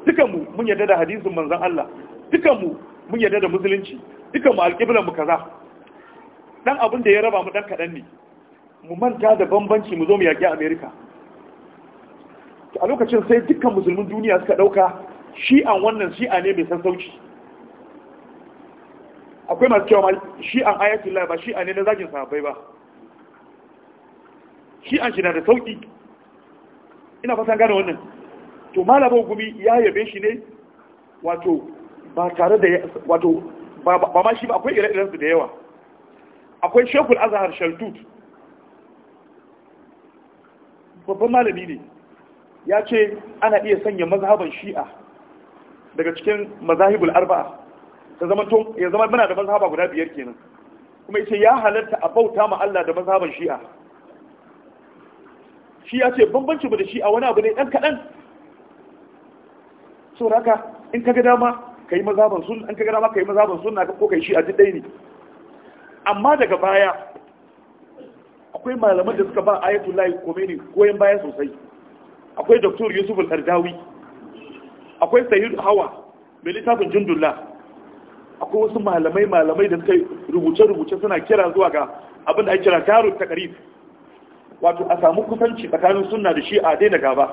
dukanmu mun yarda da hadisin manzon Allah dukanmu mun yarda da musulunci dukan mu alƙiblan mu kaza dan abin da ya raba mu dan kaɗan ne mu manta da bambanci mu zo mu yaƙi amerika a lokacin sai dukkan musulmin duniya suka ɗauka shi'an wannan shi'a ne mai sauci. akwai masu cewa shi'an ayatollah ba shi'a ne na zagin sahabbai ba shi'an shi na da sauƙi ina fasan gane wannan to malaba gumi ya yabe shi ne wato ba tare da wato ba ma shi ba akwai ire-iren su da yawa akwai shekul azahar shaltut babban malami ne ya ce ana iya sanya mazhaban shi'a daga cikin mazahibul arba'a ta zama ya zama muna da mazhaba guda biyar kenan kuma yace ya halatta a bauta ma Allah da mazhaban shi'a shi ya ce bambanci mu da shi'a wani abu ne dan kaɗan. saboda haka in kaga dama kai mazhaban sun an ka gada ma kai mazhaban ka ko kai shi a duk ne amma daga baya akwai malaman da suka ba ayatullahi komeni goyen baya sosai akwai doktor yusuf al-ardawi akwai sayyid hawa mai littafin jindullah akwai wasu malamai malamai da suka rubuce-rubuce suna kira zuwa ga abin da ake kira taro ta karif wato a samu kusanci tsakanin sunna da shi'a dai da gaba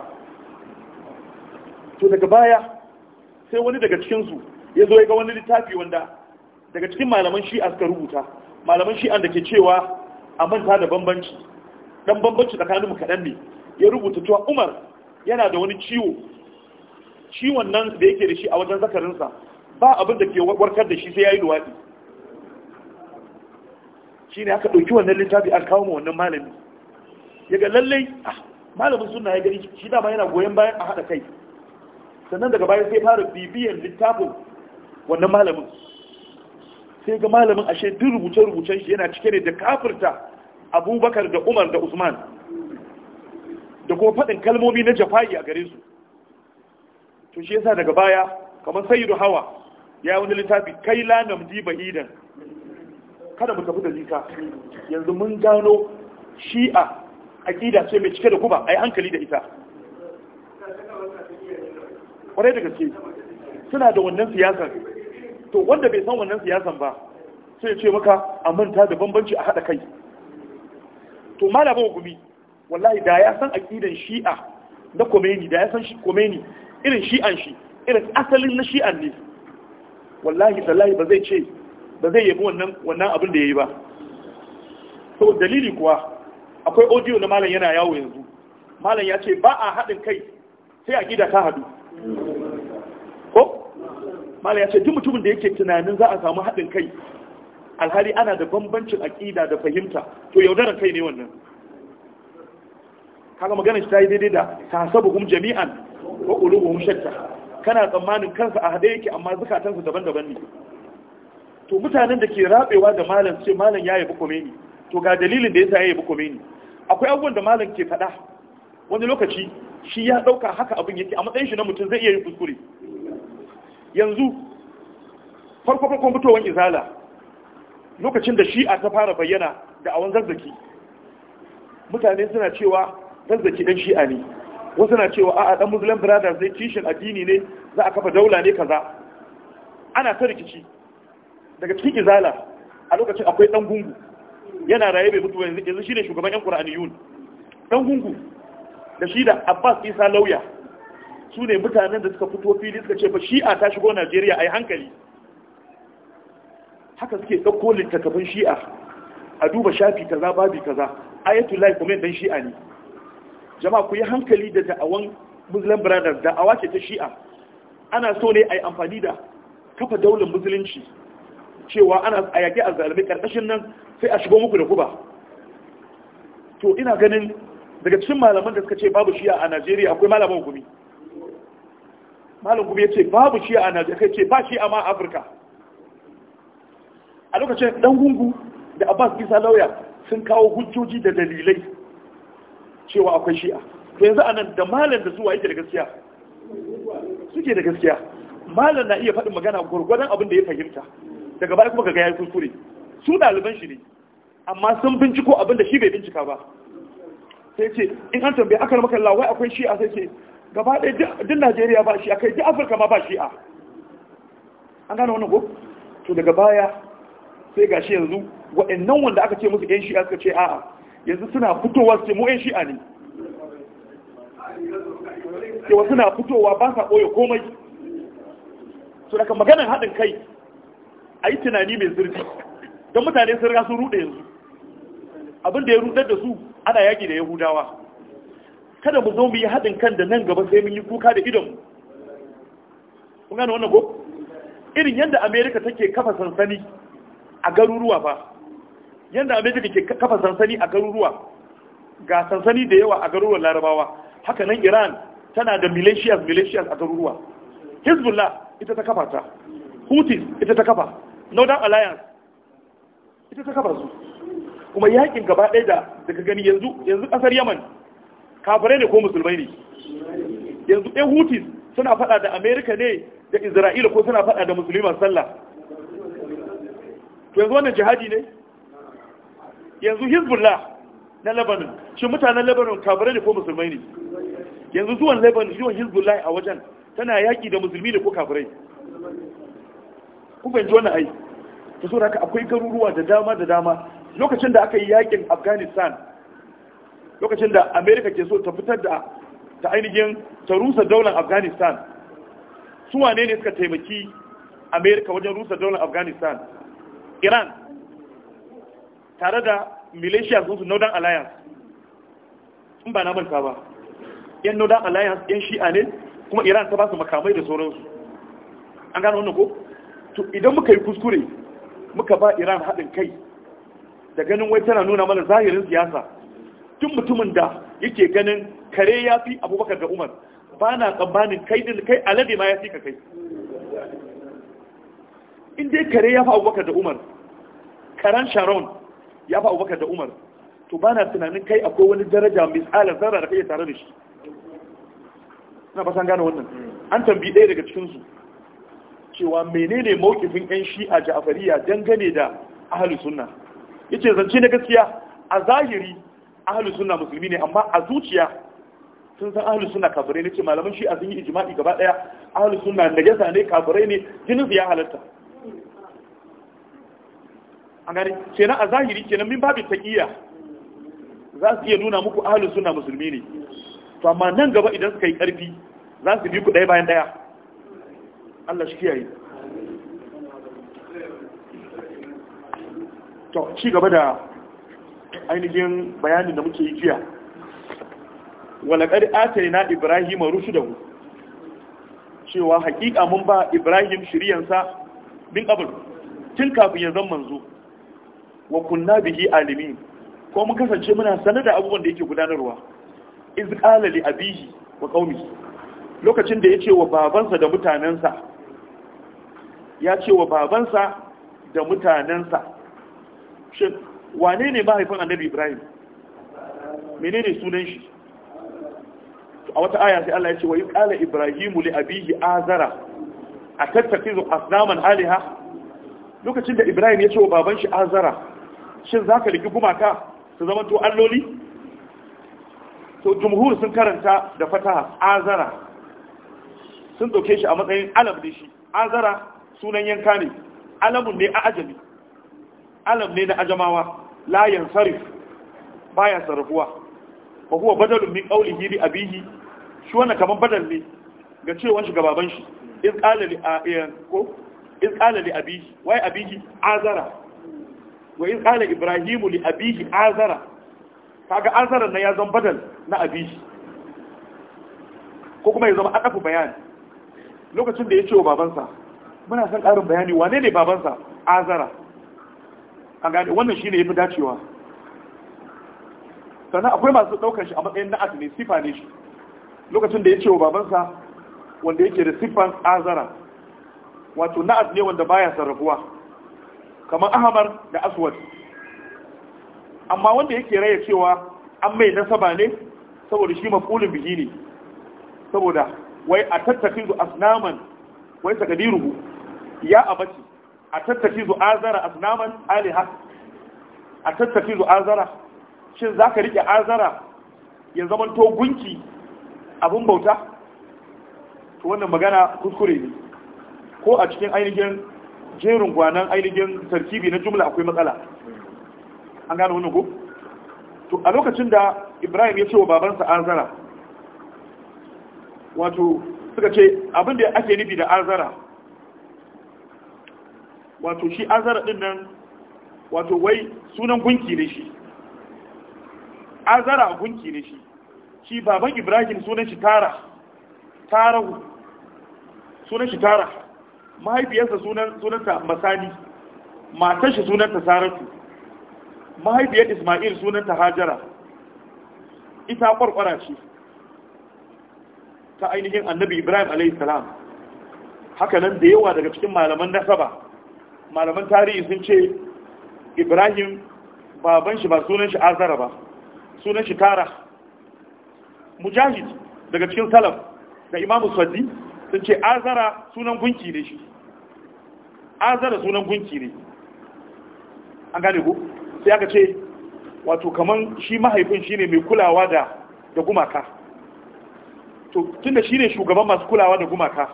to daga baya sai wani daga cikinsu ya zo ya ga wani littafi wanda daga cikin malaman shi'a suka rubuta malaman shi'an da ke cewa a manta da bambanci dan bambanci tsakanin mu kaɗan ne ya rubuta cewa umar yana da wani ciwo ciwon nan da yake da shi a wajen zakarinsa ba abin da ke warkar da shi sai ya yi luwaɗi shi ne aka ɗauki wannan littafi an kawo ma wannan malami ya ga lallai ah, malamin suna ya gani shi dama yana goyon bayan a haɗa kai sannan daga bayan sai fara bibiyan littafin wannan malamin sai ga malamin ashe duk rubuce-rubucen shi yana cike ne da kafirta abubakar da umar da usman da kuma faɗin kalmomi na Jafayi a gare su to shi yasa daga baya kamar sai hawa ya wani littafi kai lanam di bahidan kada mu tafi da zika yanzu mun gano shi'a aqida ce mai cike da guba ai hankali da ita kwarai da gaske suna da wannan siyasar to wanda bai san wannan siyasan ba sai ya ce maka a manta da bambanci a haɗa kai to malamin hukumi wallahi da ya san aƙidan shi'a na komeni da ya san shi komeni irin shi'an shi irin asalin na shi'an ne wallahi tallahi ba zai ce ba zai yabi wannan wannan abin da yayi ba to dalili kuwa akwai audio na malam yana yawo yanzu malam ya ce ba a haɗin kai sai a gida ta hadu ko mala ya ce duk mutumin da yake tunanin za a samu haɗin kai alhali ana da bambancin aƙida da fahimta to yaudaran kai ne wannan kaga magana shi ta yi daidai da tasabuhum jami'an ulubu qulubuhum shatta kana tsammanin kansa a haɗe yake amma zukatansa daban-daban ne to mutanen da ke rabewa da malam ce malam ya yabi komeni to ga dalilin da yasa ya yabi komeni akwai abubuwan da malam ke faɗa wani lokaci shi ya ɗauka haka abin yake a matsayin shi na mutum zai iya yin kuskure yanzu farko farkon mutuwan izala lokacin da shi'a ta fara bayyana da awon zazzaki mutane suna cewa zazzaki dan shi'a ne wasu na cewa a dan muslim brothers zai kishin addini ne za a kafa daula ne kaza ana ta rikici daga cikin izala a lokacin akwai dan gungu yana raye bai mutuwa yanzu shi ne shugaban yan yun dan gungu da shi da abbas isa lauya su ne mutanen da suka fito fili suka ce ba shi'a ta shigo najeriya a yi hankali haka suke ɗauko littattafin shi'a a duba shafi kaza babi kaza ayatul lahi kuma dan shi'a ne jama'a ku yi hankali da da'awan muslim brothers da'awa ce ta shi'a ana so ne a yi amfani da kafa daular musulunci cewa ana a yaƙi a zalibai ƙarƙashin nan sai a shigo muku da kuba to ina ganin daga cikin malaman da suka ce babu shiya a Najeriya akwai malaman gumi malam gumi ya ce babu shiya a Najeriya kai ce ba a ma Afirka a lokacin dan gungu da Abbas Isa lauya sun kawo hujjoji da dalilai cewa akwai shiya to yanzu anan da malam da zuwa yake da gaskiya suke da gaskiya malam na iya faɗin magana gwargwadon abin da ya fahimta daga baya kuma ga ya kuskure su ɗaliban shi ne amma sun binciko abin da shi bai bincika ba sai ce in an tambaye aka maka Allah wai akwai shi'a sai ce gaba ɗaya duk Najeriya ba shi'a kai duk Afirka ma ba shi'a an gane wannan ko to daga baya sai gashi yanzu waɗannan wanda aka ce musu yan shi'a suka ce a'a yanzu suna fitowa su ce mu yan shi'a ne cewa suna fitowa ba sa ɓoye komai to daga maganar haɗin kai a yi tunani mai zurfi don mutane sun riga sun ruɗe yanzu abin da ya rudar da su ana yaki da yahudawa kada mu zo mu yi haɗin kan da nan gaba sai mun yi kuka da idonmu kun gane wannan ko irin yadda amerika take kafa sansani a garuruwa ba yadda amerika ke kafa sansani a garuruwa ga sansani da yawa a garuruwar larabawa haka nan iran tana da militias militias a garuruwa hezbollah ita ta kafa ta houthis ita ta kafa northern alliance ita ta kafa su kuma yakin gaba ɗaya da daga gani yanzu yanzu ƙasar yaman kafirai ne ko musulmai ne yanzu ɗan hutis suna faɗa da amerika ne da isra'ila ko suna faɗa da musulmi masu sallah to yanzu wannan jihadi ne yanzu hezbollah na lebanon shi mutanen lebanon kafirai ne ko musulmai ne yanzu zuwan lebanon zuwan hezbollah a wajen tana yaƙi da musulmi ne ko kafirai ku fahimci wannan ai ta so da akwai garuruwa da dama da dama lokacin da aka yi yakin afghanistan lokacin da Amerika ke so ta fitar da ta ainihin ta rusa daular afghanistan su wane ne suka taimaki Amerika wajen rusa daular afghanistan iran tare da militia sun su northern alliance in ba na manta ba yan northern alliance yan shi'a ne kuma iran ta ba su makamai da sauransu an gano wannan ko to idan muka yi kuskure muka ba iran haɗin kai da ganin wai tana nuna mana zahirin siyasa tun mutumin da yake ganin kare ya fi abubakar da umar ba na tsammanin kai din kai alade ma ya fi ka kai in dai kare ya fi abubakar da umar karan sharon ya fi abubakar da umar to ba na tunanin kai akwai wani daraja misalar zara da kai tare da shi na fasan gane wannan an tambi ɗaya daga cikinsu cewa menene mawkifin 'yan shi'a ja'afariya dangane da ahalus sunna yace zance na gaskiya a zahiri ahli sunna musulmi ne amma a zuciya sun san ahli sunna kafirai ne ce malaman shi a sun yi ijma'i gaba daya ahli sunna najasa ne kafirai ne jinin su ya halatta an gane kenan a zahiri kenan min babu taqiya za su iya nuna muku ahli sunna musulmi ne to amma nan gaba idan suka yi karfi za su bi ku ɗaya bayan ɗaya Allah shi kiyaye to ci gaba da ainihin bayanin da muke yi jiya walaƙar atari na ibrahim rushu da cewa haƙiƙa mun ba ibrahim shiryansa bin abin tun kafin ya zan manzo wa kunna bihi alimi ko mun kasance muna sanar da abubuwan da yake gudanarwa iz qala li abihi wa qaumi lokacin da yace wa babansa da mutanansa ya ce wa babansa da mutanansa Wanene wane ne mahaifin annabi ibrahim menene sunan shi a wata aya sai Allah ya ce wa kala ibrahimu li abihi azara A tattafizu asnaman alaha lokacin da ibrahim ya ce wa baban shi azara shin zaka riki gumaka su zama to alloli to jumhur sun karanta da fataha azara sun doke shi a matsayin alam ne shi azara sunan yanka ne alamun ne a ajami alam ne na ajamawa la sarif, baya sarrafuwa wa kuma badalun min qawlihi li abihi shi wannan kaman badal ne ga cewan shi gababan shi In qala li ayan eh, ko in qala li abihi wai abihi azara wa in qala ibrahimu li abihi azara kaga azara na ya zan badal na abihi ko kuma ya zama adafu bayani lokacin da ya ce wa babansa muna son ƙarin bayani wane ne babansa azara an gane wannan shine fi dacewa sannan akwai masu daukar shi a matsayin na ne sifa ne shi lokacin da ya ce wa babansa wanda yake da siffan azara wato na'at ne wanda baya sarrafuwa kamar ahmar da aswad amma wanda yake raya cewa an mai nasaba ne saboda shi mafulin biki ne saboda wai a tattakin su asnaman wai sakadiru ya abaci a tattaki azara asnaman aliha a tattaki azara shin za ka riƙe azara ya zama to gunki abin bauta to wannan magana kuskure ne ko a cikin ainihin jerin gwanan ainihin tarkibi na jumla akwai matsala an gano wannan ko to a lokacin da ibrahim ya ce wa babansa azara wato suka ce abin da ake nufi da azara wato shi azara din nan wato wai sunan gunki ne shi azara gunki ne shi shi baban ibrahim sunan shi tara tarahu sunan shi tara mahaifiyarsa sunan sunanta masani matar shi sunanta saratu mahaifiyar isma'il sunanta hajara ita kwarkwara ce ta ainihin annabi ibrahim alaihissalam haka nan da yawa daga cikin malaman nasaba malaman tarihi sun ce ibrahim baban shi ba sunan shi azara ba sunan shi tara mujahid daga cikin salaf da imamu swaddi sun ce azara sunan gunki ne shi azara sunan gunki ne an gane ku sai aka ce wato kaman shi mahaifin shi ne mai kulawa da gumaka to tunda shi ne shugaban masu kulawa da gumaka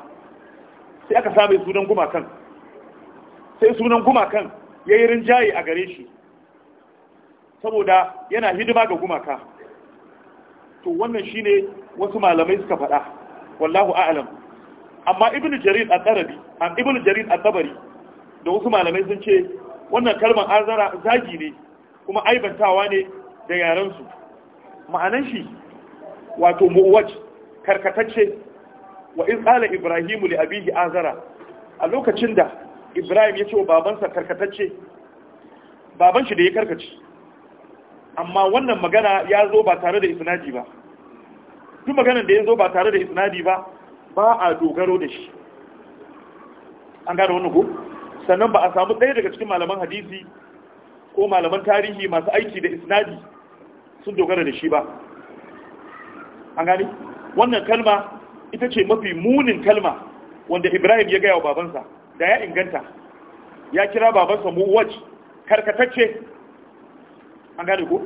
sai aka same sunan gumakan sai sunan gumakan ya yi rinjaye a gare shi saboda yana hidima ga gumaka to wannan shi ne wasu malamai suka faɗa wallahu a'alam amma ibnu jarir at-tarabi an ibnu jarir da wasu malamai sun ce wannan kalmar azara zagi ne kuma aibantawa ne da yarensu, su ma'anan shi wato muwaj karkatacce wa in qala ibrahimu li abihi azara a lokacin da ibrahim ya ce wa babansa karkatacce baban shi da ya karkace amma wannan magana ya zo ba tare da isnadi ba duk maganan da ya zo ba tare da isnadi ba ba a dogaro da shi an gane wannan ko sannan ba a samu ɗaya daga cikin malaman hadisi ko malaman tarihi masu aiki da isnadi sun dogara da shi ba an gane wannan kalma ita ce mafi munin kalma wanda ibrahim ya gaya wa babansa da ya inganta ya kira babansa waj karkatacce an gane ko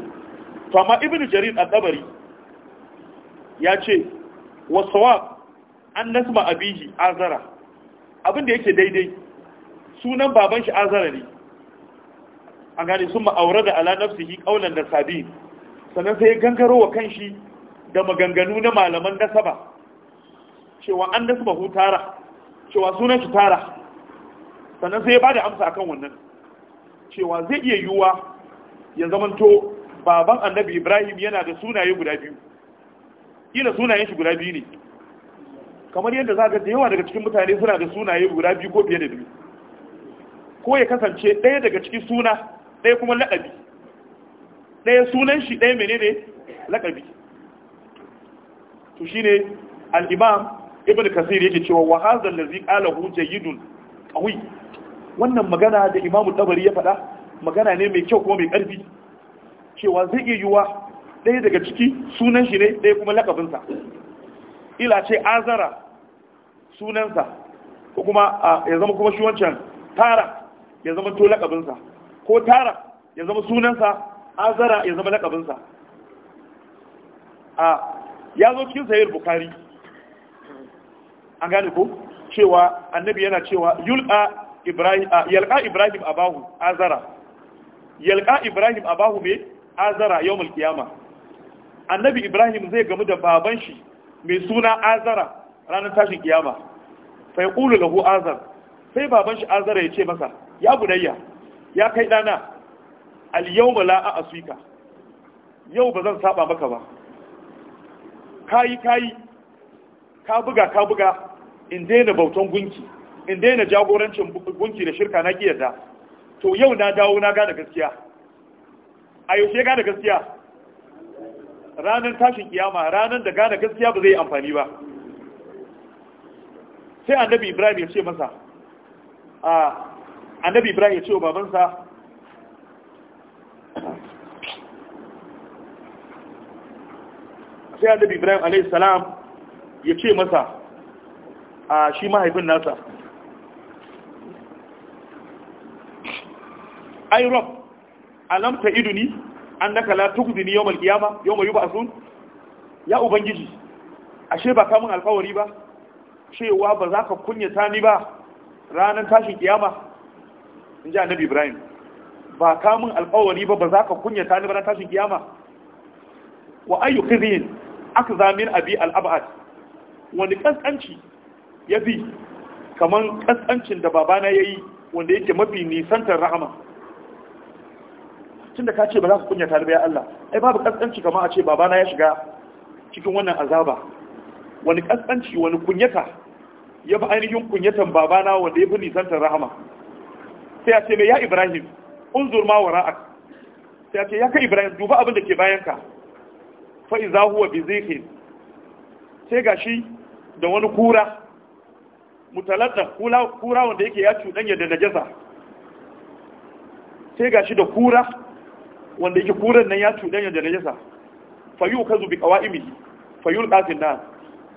to amma ibnu jarir al-tabari ya ce wa sawab an nasma abiji azara abin da yake daidai sunan baban shi azara ne an gane sun ma'aura da ala nafsihi kaulan da sabi sannan sai ya gangaro wa kanshi da maganganu na malaman nasaba cewa an nasma hu cewa sunan shi tara sannan sai ya da amsa akan wannan cewa zai iya yiwuwa ya zamanto baban annabi ibrahim yana da sunaye guda biyu Ina sunayen shi guda biyu ne kamar yadda za ka da yawa daga cikin mutane suna da sunaye guda biyu ko biyar da biyu ko ya kasance ɗaya daga cikin suna ɗaya kuma laƙabi ɗaya sunan shi ɗaya menene laƙabi to shine al-imam ibn kasir yake cewa wa hadha allazi qalahu jayyidun qawi wannan magana da imamu tabari ya faɗa magana ne mai kyau kuma mai ƙarfi cewa zai iya yiwuwa ɗaya daga ciki sunan shi ne ɗaya kuma lakabinsa ila ce azara sunansa ko kuma ya zama kuma shi wancan tara ya zama to lakabinsa ko tara ya zama sunansa azara ya zama lakabinsa a ya zo cikin sayar bukari an gane ko cewa annabi yana cewa yulka ibrahim yalka ibrahim abahu azara yalka ibrahim abahu me azara yawmul qiyama annabi ibrahim zai gamu da baban shi mai suna azara ranar tashin kiyama Sai Kulu lahu azar sai baban shi azara ya ce masa ya gudayya ya kai dana al yawma la asuika yau ba zan saba maka ba kayi kayi ka buga ka buga in daina bautan gunki in daina jagorancin gunki da shirka na yadda, to yau na dawo na gane gaskiya a yaushe gane gaskiya ranar tashin kiyama ranar da gane gaskiya ba zai yi amfani ba sai annabi ibrahim ya ce masa annabi ibrahim ya ce wa babansa sai annabi ibrahim a.s. ya ce masa a shi mahaifin nasa ay rob alam ta iduni annaka la tukhzini yawmal qiyama yawm yub'athun ya ubangiji ashe ba kamun alfawari ba cewa ba za ka kunyata ni ba ranar tashin kiyama in ji annabi ibrahim ba kamun alfawari ba ba za ka kunyata ni ba ranar tashin kiyama wa ayu qidhin akza min abi al-ab'ad wani kaskanci ya bi kaman kaskancin da babana yayi wanda yake mafi nisantar rahama tunda ka ce ba za ka kunya talibai Allah ai babu kaskanci kamar a ce babana ya shiga cikin wannan azaba wani kaskanci wani kunyata ya fi ainihin kunyatan babana wanda ya fi nisantar rahama sai a ce mai ya ibrahim unzur ma wara'ak sai a ce ya kai ibrahim duba abin da ke bayanka fa iza huwa bi zikhin sai gashi da wani kura mutalatta kura wanda yake ya cuɗanya da najasa sai gashi da kura wanda yake kuran nan ya cuɗanya da najasa fa yu kazu bi qawaimi fa yulqa fi nar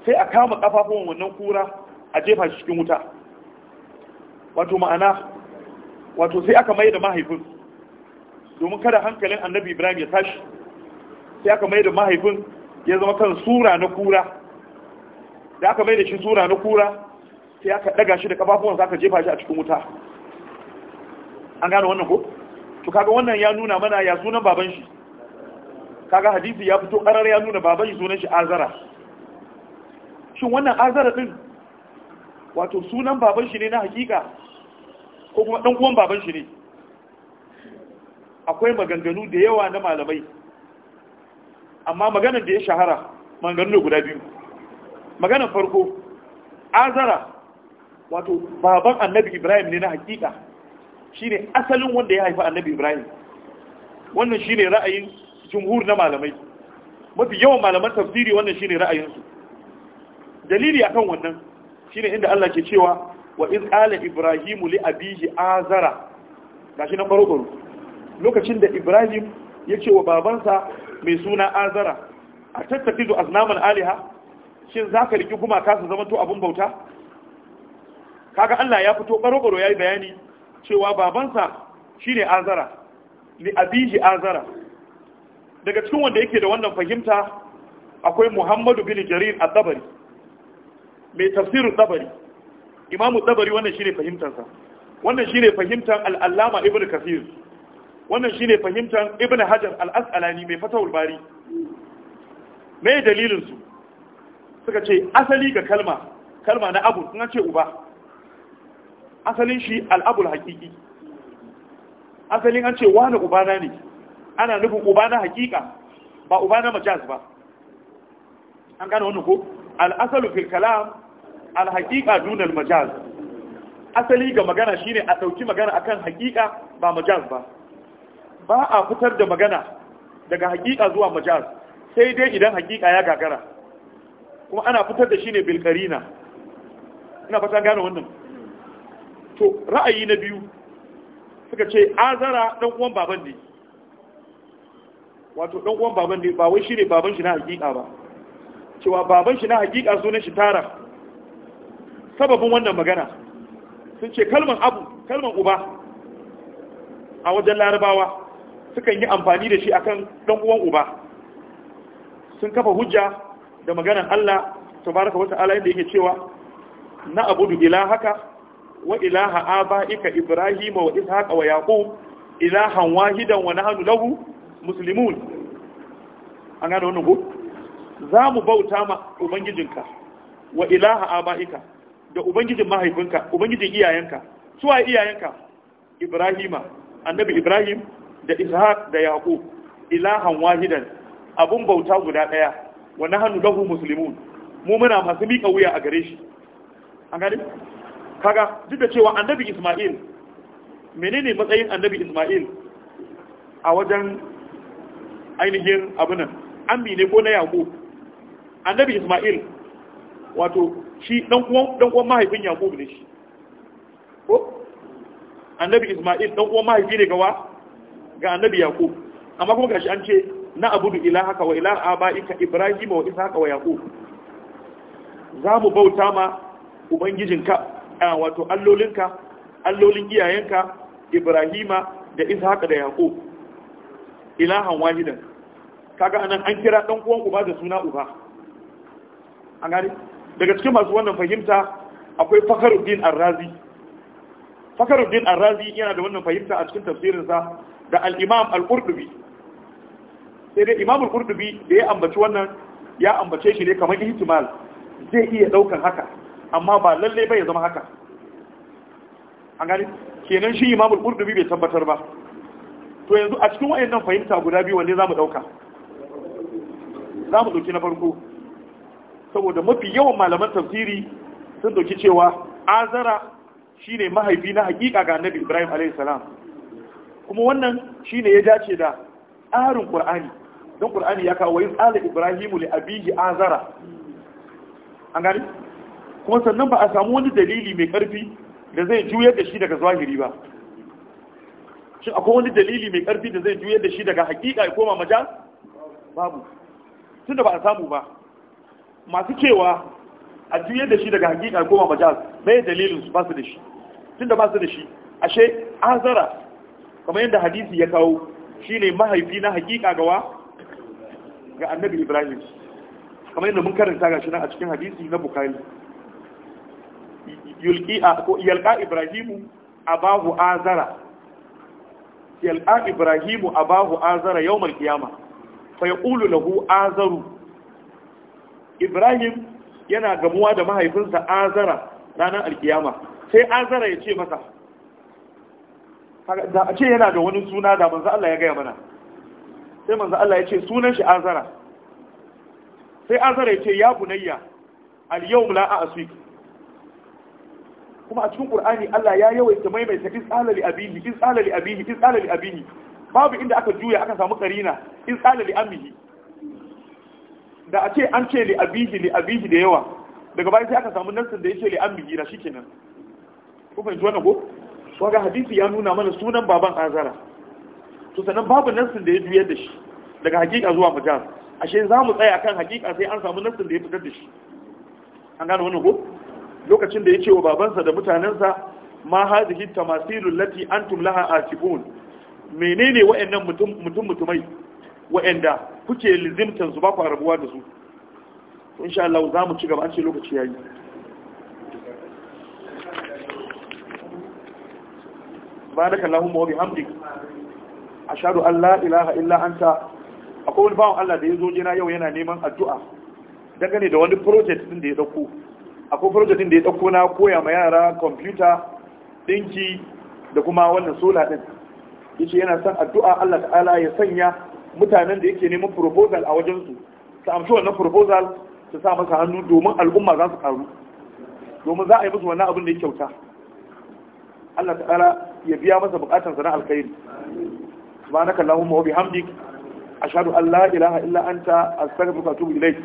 sai a kama kafafuwan wannan kura a jefa shi cikin wuta wato ma'ana wato sai aka mai da mahaifin domin kada hankalin annabi ibrahim ya tashi sai aka mai da mahaifin ya zama kan sura na kura da aka mai da shi sura na kura sai aka daga shi da kafafuwansa aka jefa shi a cikin wuta an gane wannan ko to kaga wannan ya nuna mana ya sunan baban shi kaga hadisi ya fito karar ya nuna baban shi sunan shi azara shin wannan azara din wato sunan baban shi ne na hakika ko kuma dan uwan baban shi ne akwai maganganu da yawa na malamai amma maganar da ya shahara maganganu guda biyu maganar farko azara wato baban annabi ibrahim ne na hakika shine asalin wanda ya haifa annabi ibrahim wannan shine ra'ayin jumhur na malamai mafi yawan malaman tafsiri wannan shine ra'ayinsu dalili akan wannan shine inda Allah ke cewa wa iz qala ibrahimu li abiji azara gashi na baro lokacin da ibrahim ya ce wa babansa mai suna azara a zu aznaman aliha shin zaka riki gumaka su zama to abun bauta kaga Allah ya fito baro ya yi bayani cewa babansa shi ne azara li abiji azara daga cikin wanda yake da wannan fahimta akwai muhammadu bin jarir a tsabari mai tafsirin tsabari imamu tsabari wannan shi ne fahimtarsa wannan shi ne fahimtar al'allama ibn kafir wannan shi ne fahimtar ibn hajar al'as'alani mai fatawul bari mai dalilinsu suka ce asali ga kalma kalma na abu suna ce uba asalin shi al'abul haƙiƙi asalin an ce wani ubana ne ana nufin ubana haƙiƙa ba ubana majaz ba an gane wani ko al'asalu fil kalam al-haƙiƙa dunal majaz asali ga magana shine a sauki magana akan haƙiƙa ba majaz ba ba a fitar da magana daga haƙiƙa zuwa majaz sai dai idan haƙiƙa ya gagara kuma ana fitar da shi ne bilkarina ina fata gane wannan to ra'ayi na biyu suka ce azara dan uwan baban ne wato dan uwan baban ne ba wai shi ne baban shi na hakika ba cewa baban shi na hakika sunan shi tara sababin wannan magana sun ce kalman abu kalman uba a wajen larabawa sukan yi amfani da shi akan dan uwan uba sun kafa hujja da maganar Allah tabaraka wata ta'ala inda yake cewa na abudu haka. wa ilaha aba'ika ibrahima wa ishaqa wa yaqub ilahan wahidan wa nahnu lahu muslimun an gane wannan ko za mu bauta ma ubangijinka wa ilaha aba'ika da ubangijin mahaifinka ubangijin iyayenka su wa iyayenka ibrahima annabi ibrahim da ishaq da yaqub ilahan wahidan abun bauta guda daya wa nahnu lahu muslimun mu muna masu mika wuya a gare shi an gane kaga duk da cewa annabi Ismail menene matsayin annabi Ismail a wajen ainihin abinan ambi ne ko na yaƙo annabi Ismail wato shi dan uwan mahaifin yaƙo ne shi ko annabi Ismail dan uwan mahaifi ne gawa ga annabi yaƙo amma kuma gashi an ce na abudu haka wa ilaha abaika ibrahim wa ishaqa wa yaqub za mu bauta ma ubangijinka wato allolinka allolin iyayenka ibrahima da ishaq da yaqub ilahan wahidan kaga anan an kira dan uwan uba da suna uba an gari daga cikin masu wannan fahimta akwai fakaruddin arrazi fakaruddin arrazi yana da wannan fahimta a cikin tafsirinsa da al-imam al sai dai imam al-qurtubi da ya ambaci wannan ya ambace shi ne kamar ihtimal zai iya ɗaukar haka amma ba lalle bai zama haka an gani kenan shi imamul qurdubi bai tabbatar ba to yanzu a cikin wayannan fahimta guda biyu wanne zamu dauka zamu dauki na farko saboda mafi yawan malaman tafsiri sun dauki cewa azara shine mahaifi na hakika ga annabi ibrahim alayhi salam kuma wannan shine ya dace da tsarin qur'ani don qur'ani ya kawo wa tsarin ala ibrahimu li abiji azara an gani kuma sannan ba a samu wani dalili mai karfi da zai juyar da shi daga zahiri ba shi akwai wani dalili mai karfi da zai juyar da shi daga hakika ya koma majal babu tunda ba a samu ba masu cewa a juyar da shi daga hakika ya koma majal mai dalilin su ba su da shi tunda ba su da shi ashe azara kamar yadda hadisi ya kawo shine mahaifi na hakika gawa ga annabi ibrahim kamar yadda mun karanta shi nan a cikin hadisi na bukali Yulki a yalqa ibrahimu abahu azara yalqa ibrahimu abahu azara yawmal qiyama fa yaqulu lahu azaru ibrahim yana gamuwa da mahaifinsa azara ranar alkiyama sai azara ya ce masa da a ce yana da wani suna da manzo Allah ya gaya mana sai manzo Allah ya ce sunan shi azara sai azara ya ce ya bunayya al yawm la a'sik kuma a cikin qur'ani Allah ya yawaita maimaita in tsala li abihi in tsala li abihi in tsala li abihi babu inda aka juya aka samu karina in tsala li amihi da a ce an ce li abihi li abihi da yawa daga baya sai aka samu nassin da yake li amihi da shikenan ku fahimci na ko to ga hadisi ya nuna mana sunan baban azara to sanan babu nassin da ya juyar da shi daga hakika zuwa mujaz ashe za mu tsaya kan hakika sai an samu nassin da ya fitar da shi an gano wannan ko lokacin da yake wa babansa da mutanensa ma hadhihi tamasilu lati antum laha atibun menene wayannan mutum mutum mutumai wayanda kuke lizimtan su ba ku rabuwa da su insha Allah za mu ci gaba an ce lokaci yayi barakallahu wa bihamdik ashhadu an la ilaha illa anta akwai wani bawan Allah da ya zo jina yau yana neman addu'a dangane da wani project din da ya dauko akwai projectin da ya ɗauko na koya ma yara kwamfuta ɗinki da kuma wannan sola ɗin yace yana son addu'a Allah ta'ala ya sanya mutanen da yake neman proposal a wajensu su amshi wannan proposal su sa masa hannu domin al'umma za su karu domin za a yi musu wannan abin da ya kyauta Allah ta'ala ya biya masa bukatansa na alkhairi subhanaka allahumma wa bihamdik ashhadu an la ilaha illa anta astaghfiruka wa atubu ilayk